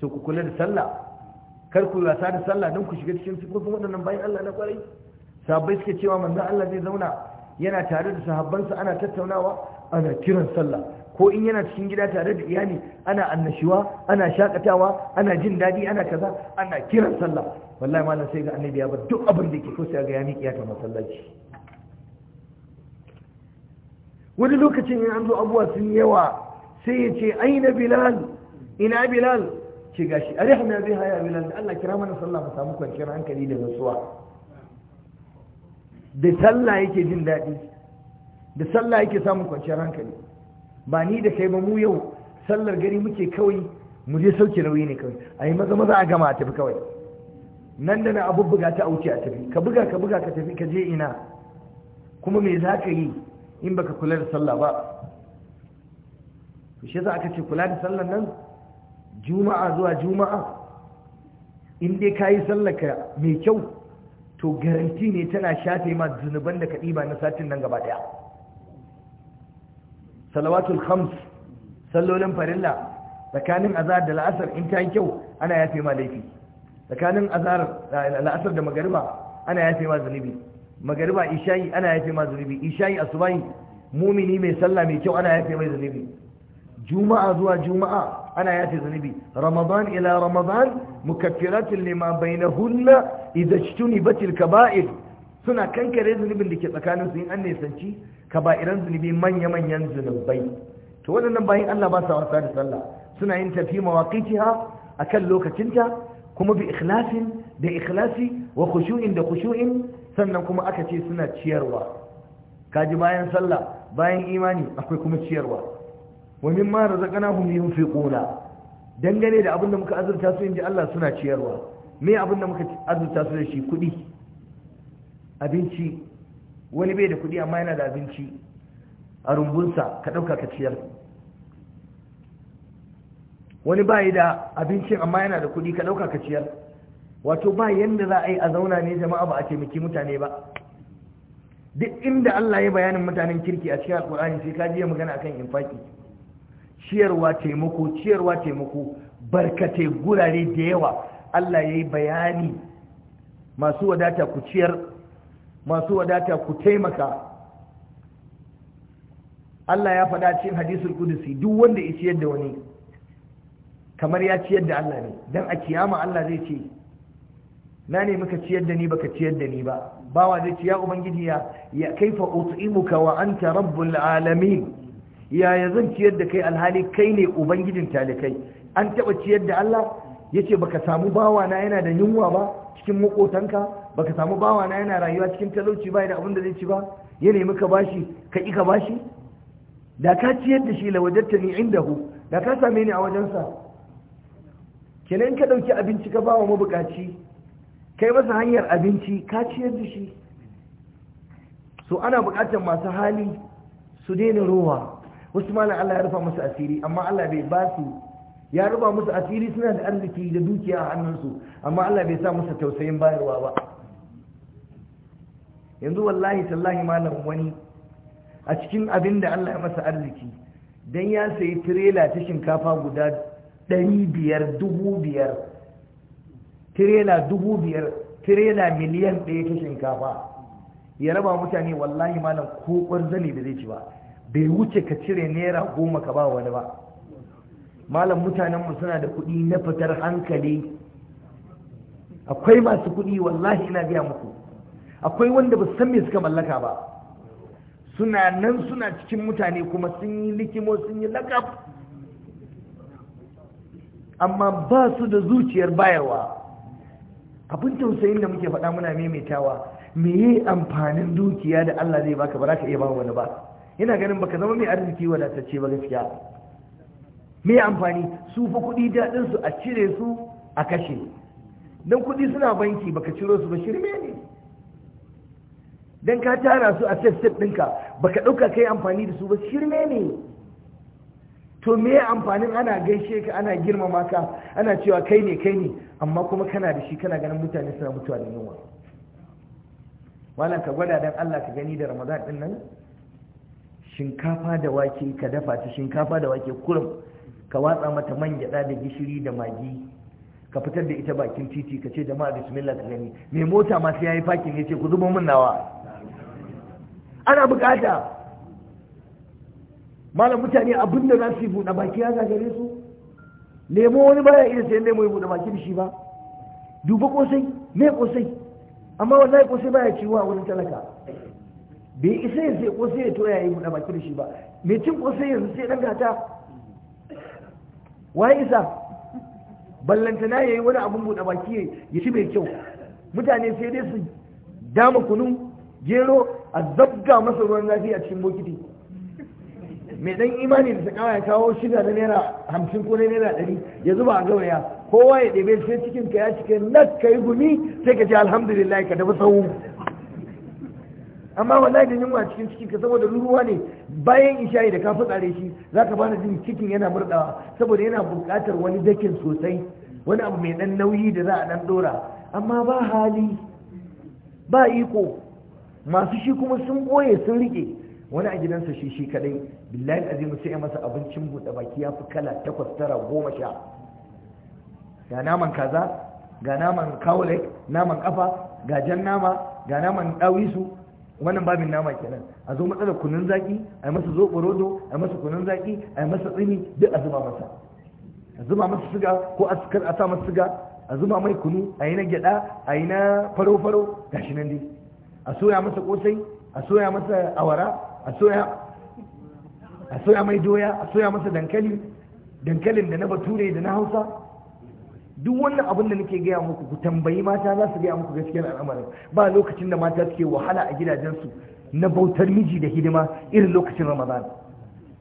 so ku kula da sallah kar ku wasa da sallah don ku shiga cikin sifofin waɗannan bayan Allah na kwarai sahabbai suke cewa manzon Allah zai zauna yana tare da sahabbansa ana tattaunawa ana kiran sallah ko in yana cikin gida tare da iyali ana annashuwa ana shakatawa ana jin daɗi ana kaza ana kiran sallah wallahi malam sai ga annabi ya bar duk abin da ke so sai ga ya miƙi ya ta masallaci wani lokacin in an zo abuwa sun yawa sai ya ce na bilal ina bilal ce gashi arihna biha ya da Allah kira mana sallah mu samu kwanciyar hankali da nutsuwa da sallah yake jin daɗi da sallah yake samun kwanciyar hankali ba ni da kai ba mu yau sallar gari muke kawai mu je sauke nauyi ne kawai a yi maza maza a gama a tafi kawai nan da na abu buga ta auki a tafi ka buga ka buga ka tafi ka je ina kuma me za ka yi in baka kula da sallah ba shi yasa aka ce kula da sallar nan juma'a zuwa juma'a in dai ka yi sallaka mai kyau to garanti ne tana shafe ma zunuban da ka ɗiba na satin nan gaba ɗaya salawatul khams sallolin farilla tsakanin azhar da la'asar in ta yi kyau ana yafe ma laifi tsakanin da eh, la'asar da magariba ana yafe ma zunubi magariba ishayi ana yafe ma zunubi Ishayi asubahi mumini mai sallah mai kyau ana yafe mai zunubi juma'a zuwa juma'a ana yafe zunubi ramadan ila ramadan mukaffiratun lima bainahunna idza ijtunibatil kaba'ir suna kankare zunubin da ke tsakanin su in an nisanci kaba'iran zunubi manya manyan zunubai to waɗannan bayan Allah ba sa wasa da sallah suna yin tafi mawaqitiha akan lokacinta kuma bi ikhlasin da ikhlasi wa khushu'in da khushu'in sannan kuma aka ce suna ciyarwa kaji bayan sallah bayan imani akwai kuma ciyarwa wa mimma razaqnahum yunfiquna dangane da abinda muka azurta su inji Allah suna ciyarwa me abinda muka azurta su da shi kuɗi abinci wani bai da kuɗi amma yana da abinci a rumbunsa ka ɗauka ka ciyar wani bai da abinci amma yana da kuɗi ka ɗauka ka ciyar wato ba yadda za a yi a zauna ne jama'a ba a taimaki mutane ba duk inda Allah ya bayanin mutanen kirki a cikin alkur'ani sai ka ji magana akan infaki ciyarwa taimako ciyarwa taimako barkate gurare da yawa Allah ya yi bayani masu wadata ku ciyar masu wadata ku taimaka Allah ya faɗa cikin hadisul kudusi duk wanda ya ciyar da wani kamar ya ciyar da Allah ne dan a kiyama Allah zai ce na ne muka ciyar da ni baka ciyar da ni ba bawa zai ce ya ubangiji ya kaifa ut'imuka wa anta rabbul alamin yaya zan ciyar da kai alhali kai ne ubangijin talikai an taba ciyar da Allah ya ce baka samu bawa na yana da yunwa ba cikin makotanka baka samu bawa na yana rayuwa cikin talauci ba da abin da zai ci ba ya nemi ka bashi ka ƙi ka bashi da ka ciyar da shi lawajarta ni inda indahu da ka same ni a wajensa kenan ka ɗauki abinci ka bawa mabukaci kai masa hanyar abinci ka ciyar da shi so ana bukatar masu hali su daina rowa wasu malam Allah ya rufa musu asiri amma Allah bai ba su ya rufa musu asiri suna da arziki da dukiya a hannunsu amma Allah bai sa musu tausayin bayarwa ba yanzu wallahi tallahi malam wani a cikin abin da Allah ya masa arziki dan ya sayi tirela ta shinkafa guda ɗari biyar dubu biyar tirela dubu biyar tirela miliyan ɗaya ta shinkafa ya raba mutane wallahi malam ko ƙwarzane da zai ci ba bai wuce ka cire naira goma ka ba wani ba malam mutanenmu suna da kuɗi na fitar hankali akwai masu kuɗi wallahi ina biya muku akwai wanda ba san me suka mallaka ba suna nan suna cikin mutane kuma sun yi likimo sun yi lakab amma ba su da zuciyar bayarwa abin tausayin da muke faɗa muna maimaitawa me yi amfanin dukiya da Allah zai baka ba za ka iya ba wani ba yana ganin baka zama mai arziki wadatacce ba gaskiya me amfani su fa kuɗi daɗinsu a cire su a kashe don kuɗi suna banki baka ciro su ba shirme ne don ka tara su a sef ɗinka baka ɗauka kai amfani da su ba shirme ne to me amfanin ana gaishe ka ana girmama ka ana cewa kai ne kai ne amma kuma kana da shi kana ganin mutane suna mutuwa da yunwa wannan ka gwada dan Allah ka gani da Ramadan din nan shinkafa da wake ka dafa ta shinkafa da wake kurum ka watsa mata man gyada da gishiri da magi ka fitar da ita bakin titi ka ce jama'a bismillah ka gani mai mota masu yayi fakin ya ce ku zubo min nawa ana bukata malam mutane abin da za su yi buɗe baki ya gagare su lemo wani baya iya sayan lemo ya buɗe baki da shi ba duba kosai me kosai amma wallahi kosai baya ciwo a wurin talaka bai isa ya sai kosai ya toya yi buɗe baki da shi ba mai cin kosai yanzu sai ɗan gata wa isa ballantana ya yi wani abin buɗe baki ya ci mai kyau mutane sai dai su dama kunu gero a zabga masa ruwan zafi a cikin bokiti mai dan imani da sakawa ya kawo shiga na naira hamsin ko na naira ɗari ya zuba a gauraya kowa ya ɗebe sai cikin ka ya cike kai ka yi gumi sai ka ce alhamdulillah ka dafa tsawo amma wallahi da yunwa cikin ciki ka saboda ruruwa ne bayan isha'i da ka fitsare shi za ka bani jin cikin yana murɗawa saboda yana buƙatar wani dakin sosai wani abu mai ɗan nauyi da za a ɗan ɗora amma ba hali ba iko masu shi kuma sun ɓoye sun riƙe wani a gidansa shi shi kaɗai billahi azim sai ya masa abincin buɗe baki ya fi kala takwas tara goma sha ga naman kaza ga naman kawulek naman kafa ga jan nama ga naman ɗawisu wannan babin nama kenan a zo matsala kunun zaki a masa zoɓo rodo a masa kunun zaki a masa tsini duk a zuba masa a zuba masa suga ko a a sa masa suga, a zuba mai kunu a yi na gyada a yi na faro-faro gashi nan dai a soya masa kosai a soya masa awara a soya a soya mai doya a soya masa dankali dankalin da na bature da na hausa duk wannan abin da nake gaya muku ku tambayi mata za su gaya muku gaskiyar al'amarin ba lokacin da mata suke wahala a gidajensu na bautar miji da hidima irin lokacin ramadan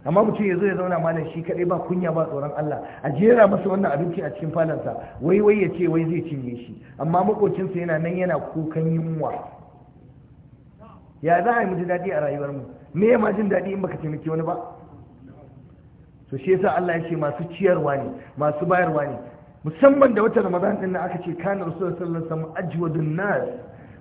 amma mu ce ya zo ya zauna malam shi kaɗai ba kunya ba tsoron Allah a jera masa wannan abinci a cikin falansa wai wai ya ce wai zai cinye shi amma makocinsa yana nan yana kukan yunwa ya za a yi mu daɗi a rayuwar mu me ya ma jin daɗi in baka taimaki wani ba to shi yasa Allah ya ce masu ciyarwa ne masu bayarwa ne musamman da wata ramadan din aka ce kana rasulullah sallallahu alaihi wasallam ajwadun nas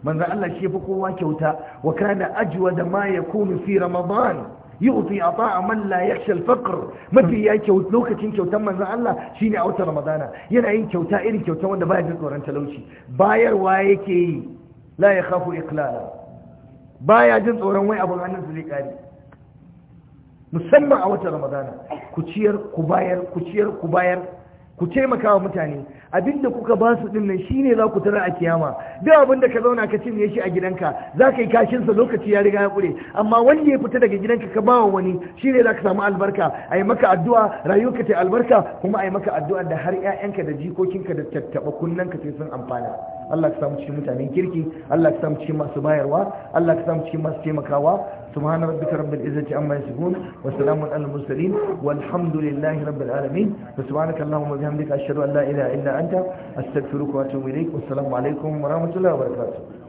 manzo Allah shi fa kowa kyauta wa kana da ma yakunu fi ramadan yu'ti ata'a man la yakhsha al-faqr mafi ya kyauta lokacin kyautan manzo Allah shine a wata ramadana yana yin kyauta irin kyauta wanda baya jin tsoron talauci bayarwa yake yi la yakhafu iqlala baya jin tsoron wai abun su zai kare musamman a wata ramadana ku ciyar ku bayar ku ciyar ku bayar ku taimaka wa mutane abinda kuka ba su dinnan shine za ku tara a kiyama duk da ka zauna ka cinye shi a gidanka za ka yi kashinsa lokaci ya riga ya kure amma wanda ya fita daga gidanka ka ba wa wani shine za ka samu albarka a yi maka addu'a rayuwarka ta albarka kuma a yi maka addu'a da har 'ya'yanka da jikokinka da tattaɓa kunnanka sai sun amfana Allah ka samu cikin mutanen kirki Allah ka samu cikin masu bayarwa Allah ka samu cikin masu taimakawa subhana rabbika rabbil izzati amma yasifun wa salamun alal mursalin walhamdulillahi rabbil alamin subhanaka allahumma bihamdika ashhadu an la ilaha illa anta astaghfiruka wa atubu ilaik alaikum wa rahmatullahi wa